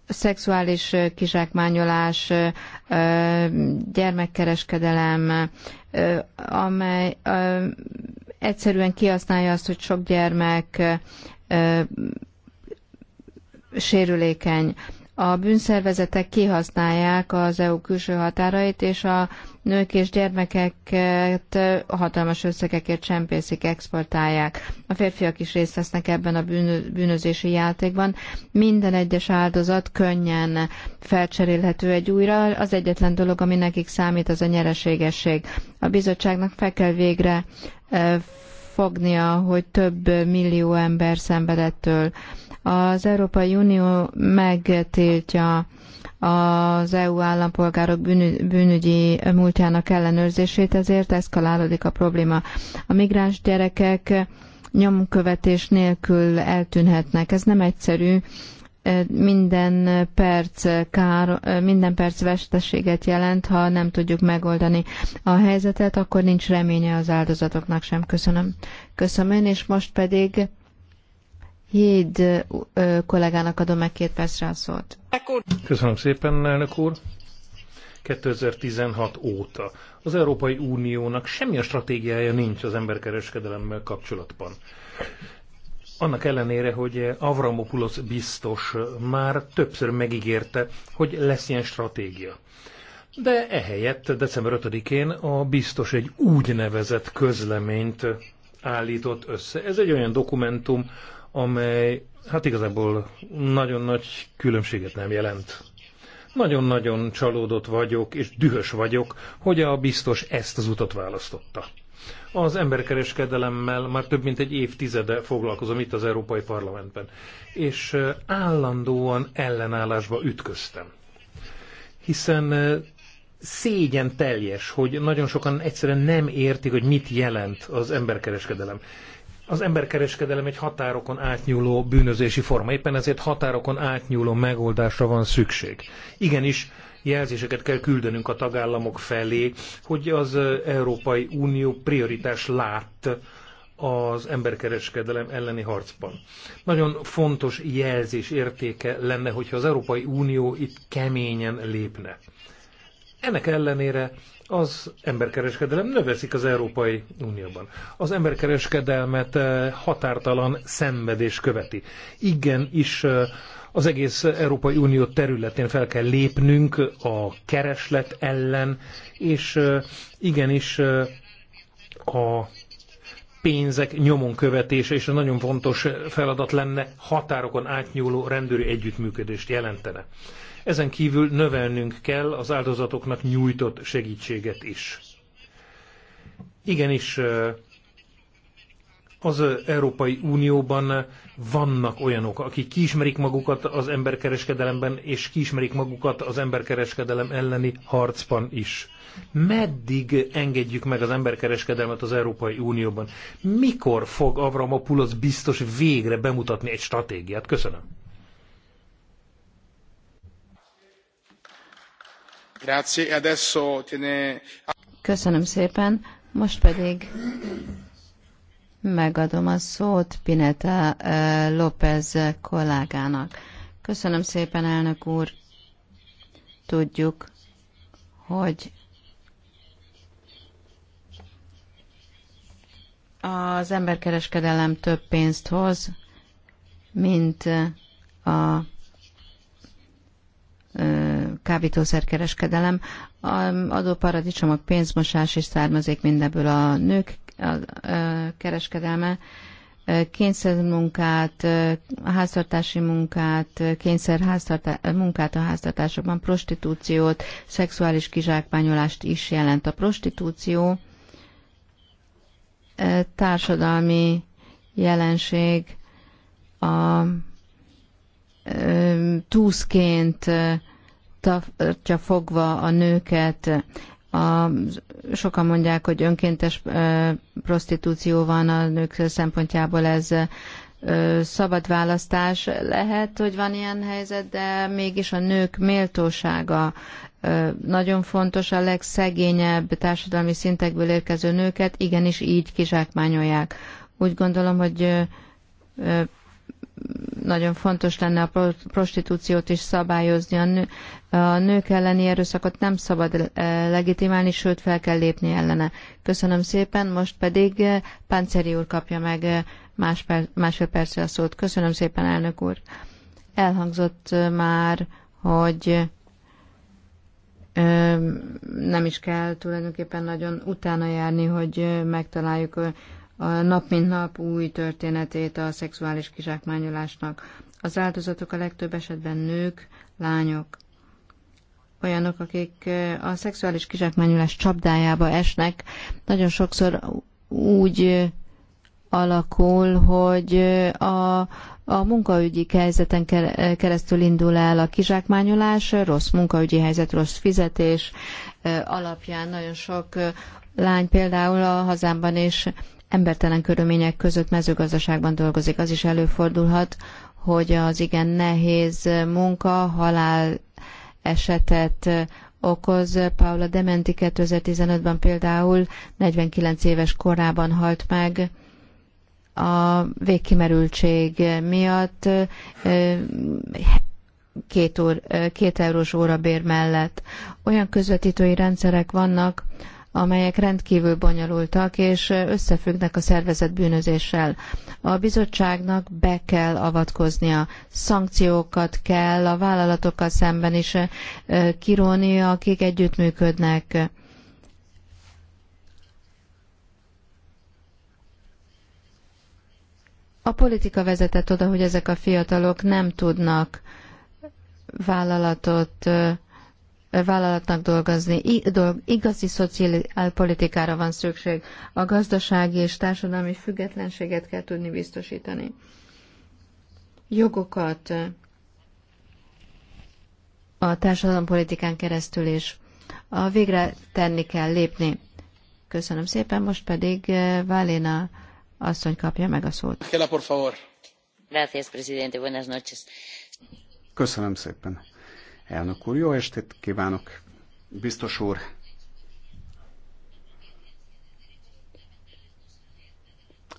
szexuális kizsákmányolás, gyermekkereskedelem, amely egyszerűen kihasználja azt, hogy sok gyermek sérülékeny. A bűnszervezetek kihasználják az EU külső határait, és a nők és gyermekeket hatalmas összegekért csempészik, exportálják. A férfiak is részt vesznek ebben a bűnözési játékban. Minden egyes áldozat könnyen felcserélhető egy újra. Az egyetlen dolog, ami nekik számít, az a nyereségesség. A bizottságnak fel kell végre eh, fognia, hogy több millió ember ettől. Az Európai Unió megtiltja az EU állampolgárok bűnügyi múltjának ellenőrzését, ezért eszkalálódik a probléma. A migráns gyerekek nyomkövetés nélkül eltűnhetnek. Ez nem egyszerű, minden perc kár, minden perc veszteséget jelent, ha nem tudjuk megoldani a helyzetet, akkor nincs reménye az áldozatoknak sem. Köszönöm. Köszönöm én, és most pedig Jéd kollégának adom meg két percre a szót. Köszönöm szépen, elnök úr. 2016 óta az Európai Uniónak semmilyen stratégiája nincs az emberkereskedelemmel kapcsolatban annak ellenére, hogy Avramopulos biztos már többször megígérte, hogy lesz ilyen stratégia. De ehelyett december 5-én a biztos egy úgynevezett közleményt állított össze. Ez egy olyan dokumentum, amely hát igazából nagyon nagy különbséget nem jelent. Nagyon-nagyon csalódott vagyok, és dühös vagyok, hogy a biztos ezt az utat választotta. Az emberkereskedelemmel már több mint egy évtizede foglalkozom itt az Európai Parlamentben, és állandóan ellenállásba ütköztem. Hiszen szégyen teljes, hogy nagyon sokan egyszerűen nem értik, hogy mit jelent az emberkereskedelem. Az emberkereskedelem egy határokon átnyúló bűnözési forma, éppen ezért határokon átnyúló megoldásra van szükség. Igenis, jelzéseket kell küldenünk a tagállamok felé, hogy az Európai Unió prioritás lát az emberkereskedelem elleni harcban. Nagyon fontos jelzés értéke lenne, hogyha az Európai Unió itt keményen lépne. Ennek ellenére az emberkereskedelem növekszik az Európai Unióban. Az emberkereskedelmet határtalan szenvedés követi. Igen is az egész Európai Unió területén fel kell lépnünk a kereslet ellen, és igenis a pénzek nyomon követése, és nagyon fontos feladat lenne, határokon átnyúló rendőri együttműködést jelentene. Ezen kívül növelnünk kell az áldozatoknak nyújtott segítséget is. Igenis az Európai Unióban vannak olyanok, akik kiismerik magukat az emberkereskedelemben, és kiismerik magukat az emberkereskedelem elleni harcban is. Meddig engedjük meg az emberkereskedelmet az Európai Unióban? Mikor fog Avramopoulos biztos végre bemutatni egy stratégiát? Köszönöm. Köszönöm szépen. Most pedig Megadom a szót Pineta eh, López kollégának. Köszönöm szépen, elnök úr. Tudjuk, hogy az emberkereskedelem több pénzt hoz, mint a eh, kábítószerkereskedelem, adóparadicsomok, pénzmosás és származik mindebből a nők kereskedelme kényszermunkát, háztartási munkát, kényszer munkát a háztartásokban, prostitúciót, szexuális kizsákmányolást is jelent. A prostitúció társadalmi jelenség a túszként tartja fogva a nőket a, sokan mondják, hogy önkéntes prostitúció van a nők szempontjából, ez szabad választás. Lehet, hogy van ilyen helyzet, de mégis a nők méltósága nagyon fontos, a legszegényebb társadalmi szintekből érkező nőket igenis így kizsákmányolják. Úgy gondolom, hogy nagyon fontos lenne a prostitúciót is szabályozni. A, nő, a nők elleni erőszakot nem szabad eh, legitimálni, sőt fel kell lépni ellene. Köszönöm szépen, most pedig eh, Pánceri úr kapja meg eh, más per, másfél percre a szót. Köszönöm szépen, elnök úr. Elhangzott már, hogy nem is kell tulajdonképpen nagyon utána járni, hogy megtaláljuk a nap mint nap új történetét a szexuális kizsákmányolásnak. Az áldozatok a legtöbb esetben nők, lányok, olyanok, akik eh, a szexuális kizsákmányolás csapdájába esnek, nagyon sokszor úgy eh, alakul, hogy eh, a, a munkaügyi helyzeten keresztül indul el a kizsákmányolás, rossz munkaügyi helyzet, rossz fizetés alapján nagyon sok lány például a hazámban is embertelen körülmények között mezőgazdaságban dolgozik. Az is előfordulhat, hogy az igen nehéz munka, halál esetet okoz. Paula Dementi 2015-ben például 49 éves korában halt meg a végkimerültség miatt két, ór, két eurós órabér mellett. Olyan közvetítői rendszerek vannak, amelyek rendkívül bonyolultak és összefüggnek a szervezet bűnözéssel. A bizottságnak be kell avatkoznia, szankciókat kell a vállalatokkal szemben is eh, kiróni, akik együttműködnek. A politika vezetett oda, hogy ezek a fiatalok nem tudnak vállalatot eh, vállalatnak dolgozni. Igazi szociálpolitikára van szükség. A gazdasági és társadalmi függetlenséget kell tudni biztosítani. Jogokat a társadalompolitikán keresztül is. A végre tenni kell, lépni. Köszönöm szépen, most pedig eh, Valéna asszony kapja meg a szót. Köszönöm szépen. Elnök úr, jó estét kívánok! Biztos úr,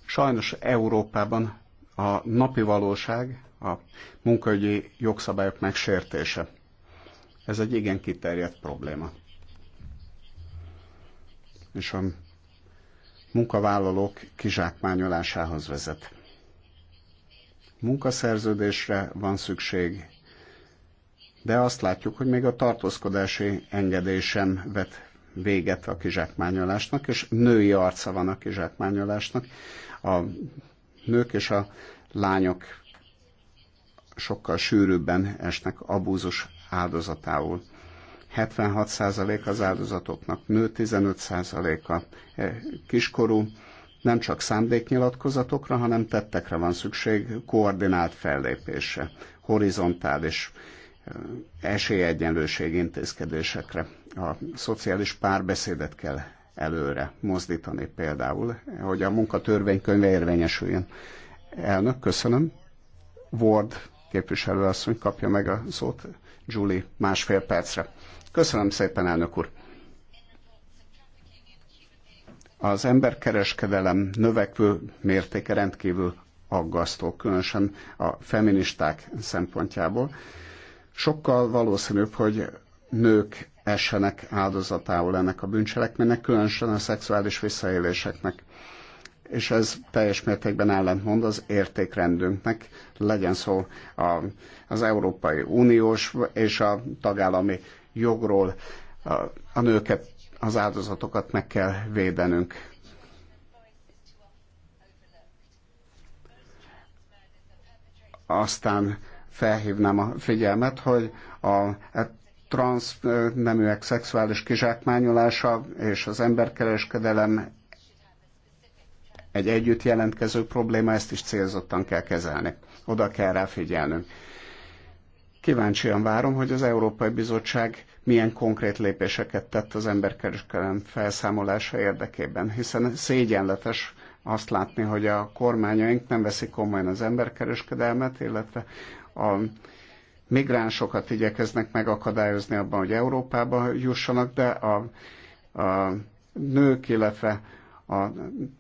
sajnos Európában a napi valóság a munkaügyi jogszabályok megsértése. Ez egy igen kiterjedt probléma. És a munkavállalók kizsákmányolásához vezet. Munkaszerződésre van szükség de azt látjuk, hogy még a tartózkodási engedély sem vet véget a kizsákmányolásnak, és női arca van a kizsákmányolásnak. A nők és a lányok sokkal sűrűbben esnek abúzus áldozatául. 76% az áldozatoknak nő, 15%-a e, kiskorú. Nem csak szándéknyilatkozatokra, hanem tettekre van szükség, koordinált fellépésre, horizontális esélyegyenlőség intézkedésekre. A szociális párbeszédet kell előre mozdítani például, hogy a munkatörvénykönyve érvényesüljön. Elnök, köszönöm. Ward képviselőasszony kapja meg a szót. Julie, másfél percre. Köszönöm szépen, elnök úr. Az emberkereskedelem növekvő mértéke rendkívül aggasztó, különösen a feministák szempontjából sokkal valószínűbb, hogy nők essenek áldozatául ennek a bűncselekménynek, különösen a szexuális visszaéléseknek. És ez teljes mértékben ellentmond az értékrendünknek, legyen szó a, az Európai Uniós és a tagállami jogról, a, a nőket, az áldozatokat meg kell védenünk. Aztán felhívnám a figyelmet, hogy a e, trans e, neműek szexuális kizsákmányolása és az emberkereskedelem egy együtt jelentkező probléma, ezt is célzottan kell kezelni. Oda kell rá figyelnünk. Kíváncsian várom, hogy az Európai Bizottság milyen konkrét lépéseket tett az emberkereskedelem felszámolása érdekében, hiszen szégyenletes azt látni, hogy a kormányaink nem veszik komolyan az emberkereskedelmet, illetve a migránsokat igyekeznek megakadályozni abban, hogy Európába jussanak, de a, a nők, illetve a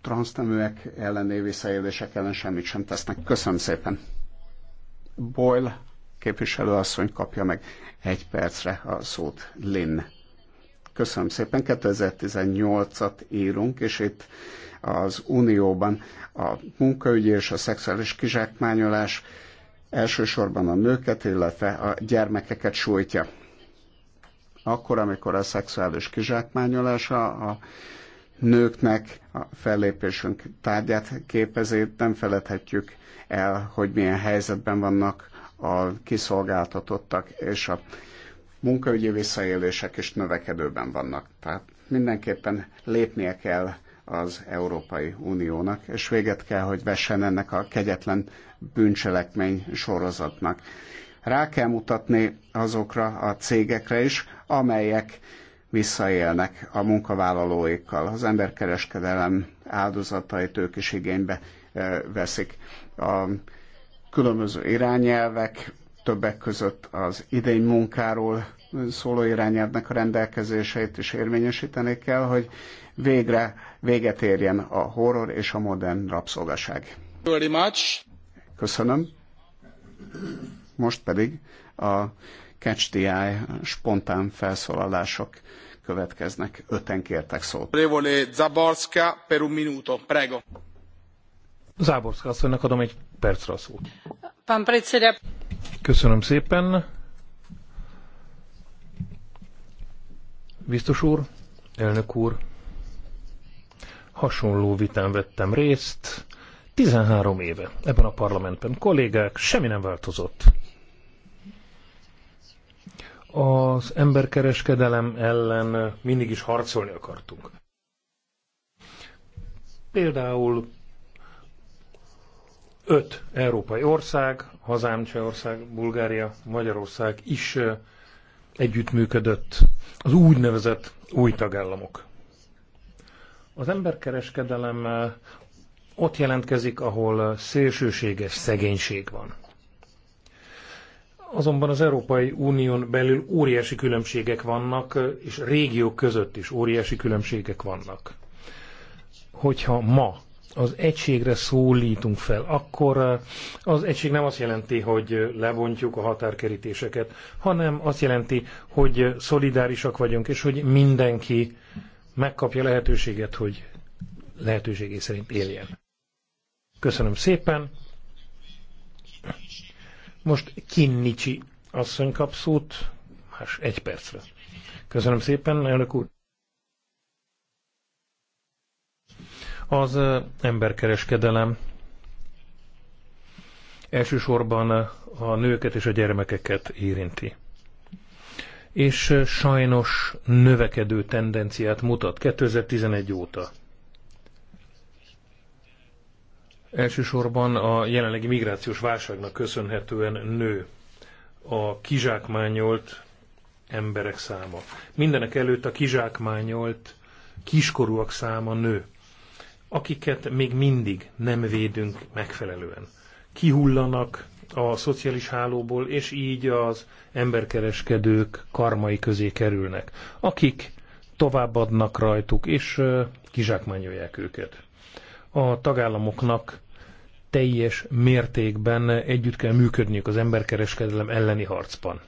transzneműek elleni visszaélések ellen semmit sem tesznek. Köszönöm szépen. Boyle képviselőasszony kapja meg egy percre a szót Lynn. Köszönöm szépen. 2018-at írunk, és itt az Unióban a munkaügyi és a szexuális kizsákmányolás elsősorban a nőket, illetve a gyermekeket sújtja. Akkor, amikor a szexuális kizsákmányolása a nőknek a fellépésünk tárgyát képezi, nem feledhetjük el, hogy milyen helyzetben vannak a kiszolgáltatottak, és a munkaügyi visszaélések is növekedőben vannak. Tehát mindenképpen lépnie kell az Európai Uniónak, és véget kell, hogy vessen ennek a kegyetlen bűncselekmény sorozatnak. Rá kell mutatni azokra a cégekre is, amelyek visszaélnek a munkavállalóikkal. Az emberkereskedelem áldozatait ők is igénybe e, veszik. A különböző irányelvek, többek között az idény munkáról szóló irányelvnek a rendelkezéseit is érvényesíteni kell, hogy végre véget érjen a horror és a modern rabszolgaság. Very much. Köszönöm. Most pedig a Catch the Eye spontán felszólalások következnek. Öten kértek szót. Zaborska per un minuto, prego. azt asszonynak adom egy percre a szót. Pán predseda. Köszönöm szépen. Biztos úr, elnök úr, hasonló vitán vettem részt 13 éve ebben a parlamentben. Kollégák, semmi nem változott. Az emberkereskedelem ellen mindig is harcolni akartunk. Például öt európai ország, hazám Csehország, Bulgária, Magyarország is együttműködött az úgynevezett új tagállamok. Az emberkereskedelem ott jelentkezik, ahol szélsőséges szegénység van. Azonban az Európai Unión belül óriási különbségek vannak, és régiók között is óriási különbségek vannak. Hogyha ma az egységre szólítunk fel, akkor az egység nem azt jelenti, hogy lebontjuk a határkerítéseket, hanem azt jelenti, hogy szolidárisak vagyunk, és hogy mindenki megkapja lehetőséget, hogy lehetőségé szerint éljen. Köszönöm szépen. Most Kinnicsi asszony kap szót, más egy percre. Köszönöm szépen, elnök úr. Az emberkereskedelem elsősorban a nőket és a gyermekeket érinti. És sajnos növekedő tendenciát mutat 2011 óta. Elsősorban a jelenlegi migrációs válságnak köszönhetően nő a kizsákmányolt emberek száma. Mindenek előtt a kizsákmányolt kiskorúak száma nő, akiket még mindig nem védünk megfelelően. Kihullanak a szociális hálóból, és így az emberkereskedők karmai közé kerülnek, akik továbbadnak rajtuk, és kizsákmányolják őket a tagállamoknak teljes mértékben együtt kell működniük az emberkereskedelem elleni harcban.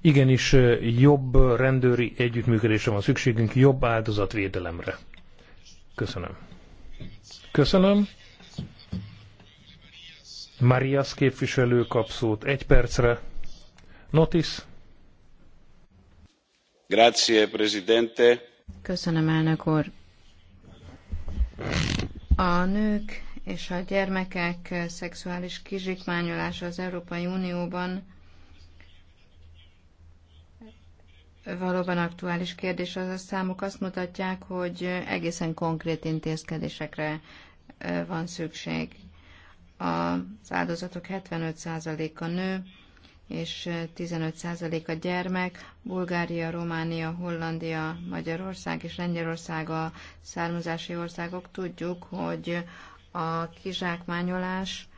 Igenis jobb rendőri együttműködésre van szükségünk, jobb áldozatvédelemre. Köszönöm. Köszönöm. Marias képviselő kap szót egy percre. Notis. Grazie, presidente. Köszönöm, elnök úr. A nők és a gyermekek szexuális kizsikmányolása az Európai Unióban valóban aktuális kérdés, az a számok azt mutatják, hogy egészen konkrét intézkedésekre van szükség. Az áldozatok 75%-a nő, és 15% a gyermek, Bulgária, Románia, Hollandia, Magyarország és Lengyelország a származási országok. Tudjuk, hogy a kizsákmányolás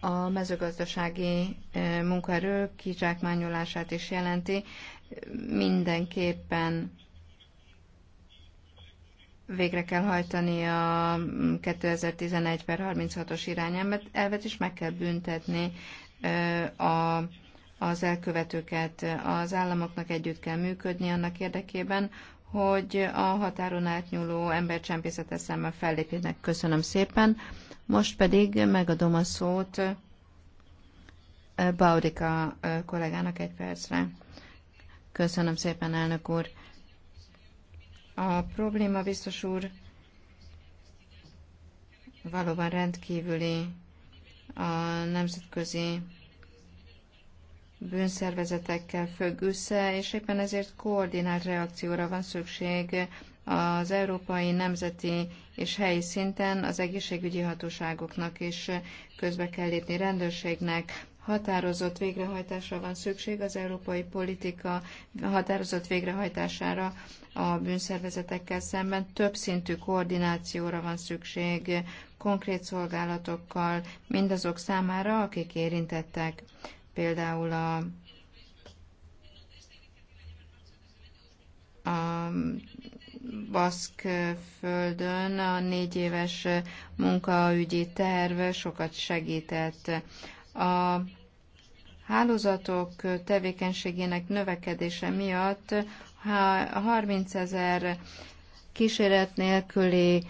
a mezőgazdasági munkaerő kizsákmányolását is jelenti. Mindenképpen végre kell hajtani a 2011 per 36-os irányelvet, elvet is meg kell büntetni a, az elkövetőket. Az államoknak együtt kell működni annak érdekében, hogy a határon átnyúló embercsempészete szemmel fellépjenek. Köszönöm szépen. Most pedig megadom a szót Baudika kollégának egy percre. Köszönöm szépen, elnök úr. A probléma, biztos úr, valóban rendkívüli a nemzetközi bűnszervezetekkel függ össze, és éppen ezért koordinált reakcióra van szükség az európai, nemzeti és helyi szinten az egészségügyi hatóságoknak is közbe kell lépni rendőrségnek. Határozott végrehajtásra van szükség az európai politika határozott végrehajtására a bűnszervezetekkel szemben. Több szintű koordinációra van szükség konkrét szolgálatokkal mindazok számára, akik érintettek, például a, a Baszk földön a négy éves munkaügyi terv sokat segített. A hálózatok tevékenységének növekedése miatt 30 ezer kíséret nélküli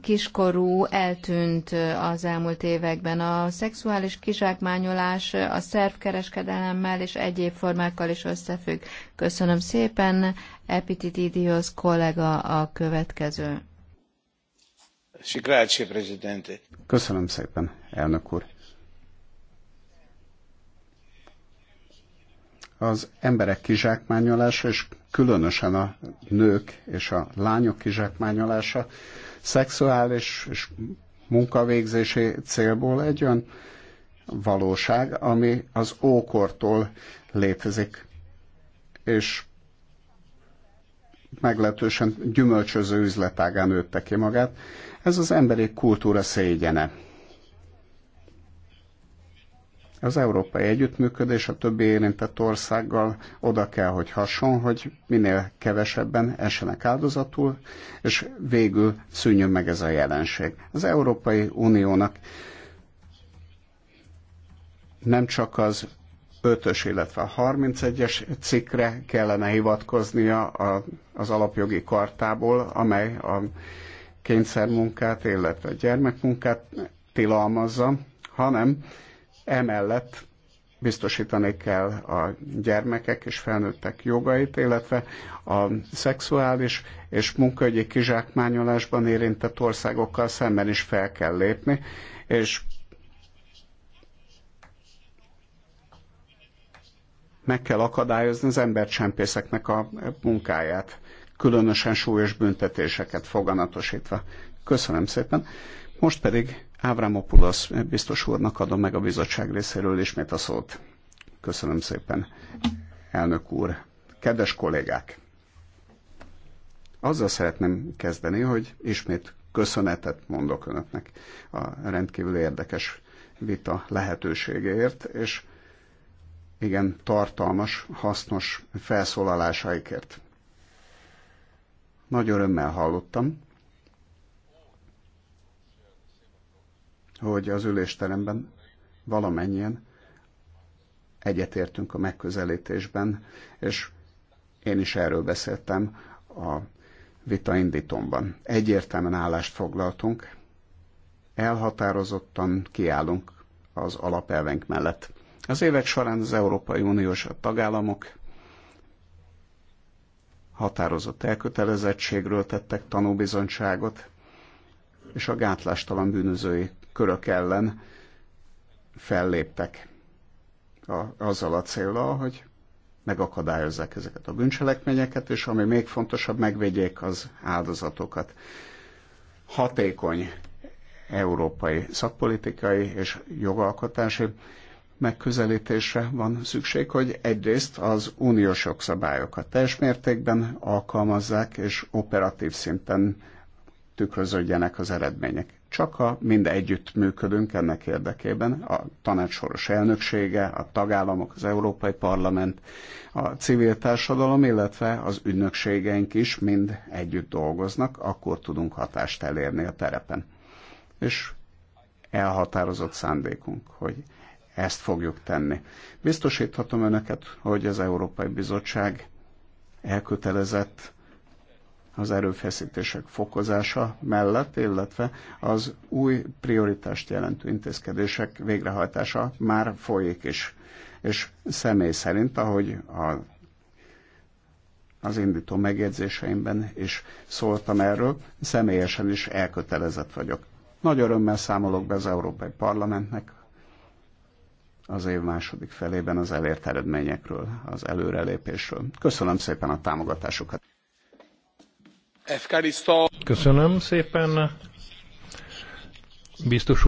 kiskorú eltűnt az elmúlt években. A szexuális kizsákmányolás a szervkereskedelemmel és egyéb formákkal is összefügg. Köszönöm szépen. Epititidios kollega a következő. Köszönöm szépen, elnök úr. az emberek kizsákmányolása, és különösen a nők és a lányok kizsákmányolása szexuális és munkavégzési célból egy olyan valóság, ami az ókortól létezik. És meglehetősen gyümölcsöző üzletágán nőtte ki magát. Ez az emberi kultúra szégyene. Az európai együttműködés a többi érintett országgal oda kell, hogy hason, hogy minél kevesebben essenek áldozatul, és végül szűnjön meg ez a jelenség. Az Európai Uniónak nem csak az 5-ös, illetve a 31-es cikkre kellene hivatkoznia az alapjogi kartából, amely a kényszermunkát, illetve a gyermekmunkát tilalmazza, hanem Emellett biztosítani kell a gyermekek és felnőttek jogait, illetve a szexuális és munkaügyi kizsákmányolásban érintett országokkal szemben is fel kell lépni, és meg kell akadályozni az embercsempészeknek a munkáját, különösen súlyos büntetéseket foganatosítva. Köszönöm szépen. Most pedig Avramopoulos biztos úrnak adom meg a bizottság részéről ismét a szót. Köszönöm szépen, elnök úr. Kedves kollégák! Azzal szeretném kezdeni, hogy ismét köszönetet mondok önöknek a rendkívül érdekes vita lehetőségéért, és igen tartalmas, hasznos felszólalásaikért. Nagy örömmel hallottam, hogy az ülésteremben valamennyien egyetértünk a megközelítésben, és én is erről beszéltem a vita indítomban. Egyértelműen állást foglaltunk, elhatározottan kiállunk az alapelvenk mellett. Az évek során az Európai Uniós tagállamok határozott elkötelezettségről tettek tanúbizonyságot, és a gátlástalan bűnözői körök ellen felléptek a, azzal a célral, hogy megakadályozzák ezeket a bűncselekményeket, és ami még fontosabb, megvédjék az áldozatokat. Hatékony európai szakpolitikai és jogalkotási megközelítésre van szükség, hogy egyrészt az uniós jogszabályokat teljes mértékben alkalmazzák, és operatív szinten tükröződjenek az eredmények. Csak ha mind együtt működünk ennek érdekében, a tanácsoros elnöksége, a tagállamok, az Európai Parlament, a civil társadalom, illetve az ügynökségeink is mind együtt dolgoznak, akkor tudunk hatást elérni a terepen. És elhatározott szándékunk, hogy ezt fogjuk tenni. Biztosíthatom önöket, hogy az Európai Bizottság elkötelezett az erőfeszítések fokozása mellett, illetve az új prioritást jelentő intézkedések végrehajtása már folyik is. És személy szerint, ahogy a, az indító megjegyzéseimben is szóltam erről, személyesen is elkötelezett vagyok. Nagy örömmel számolok be az Európai Parlamentnek az év második felében az elért eredményekről, az előrelépésről. Köszönöm szépen a támogatásukat! Köszönöm szépen. Biztos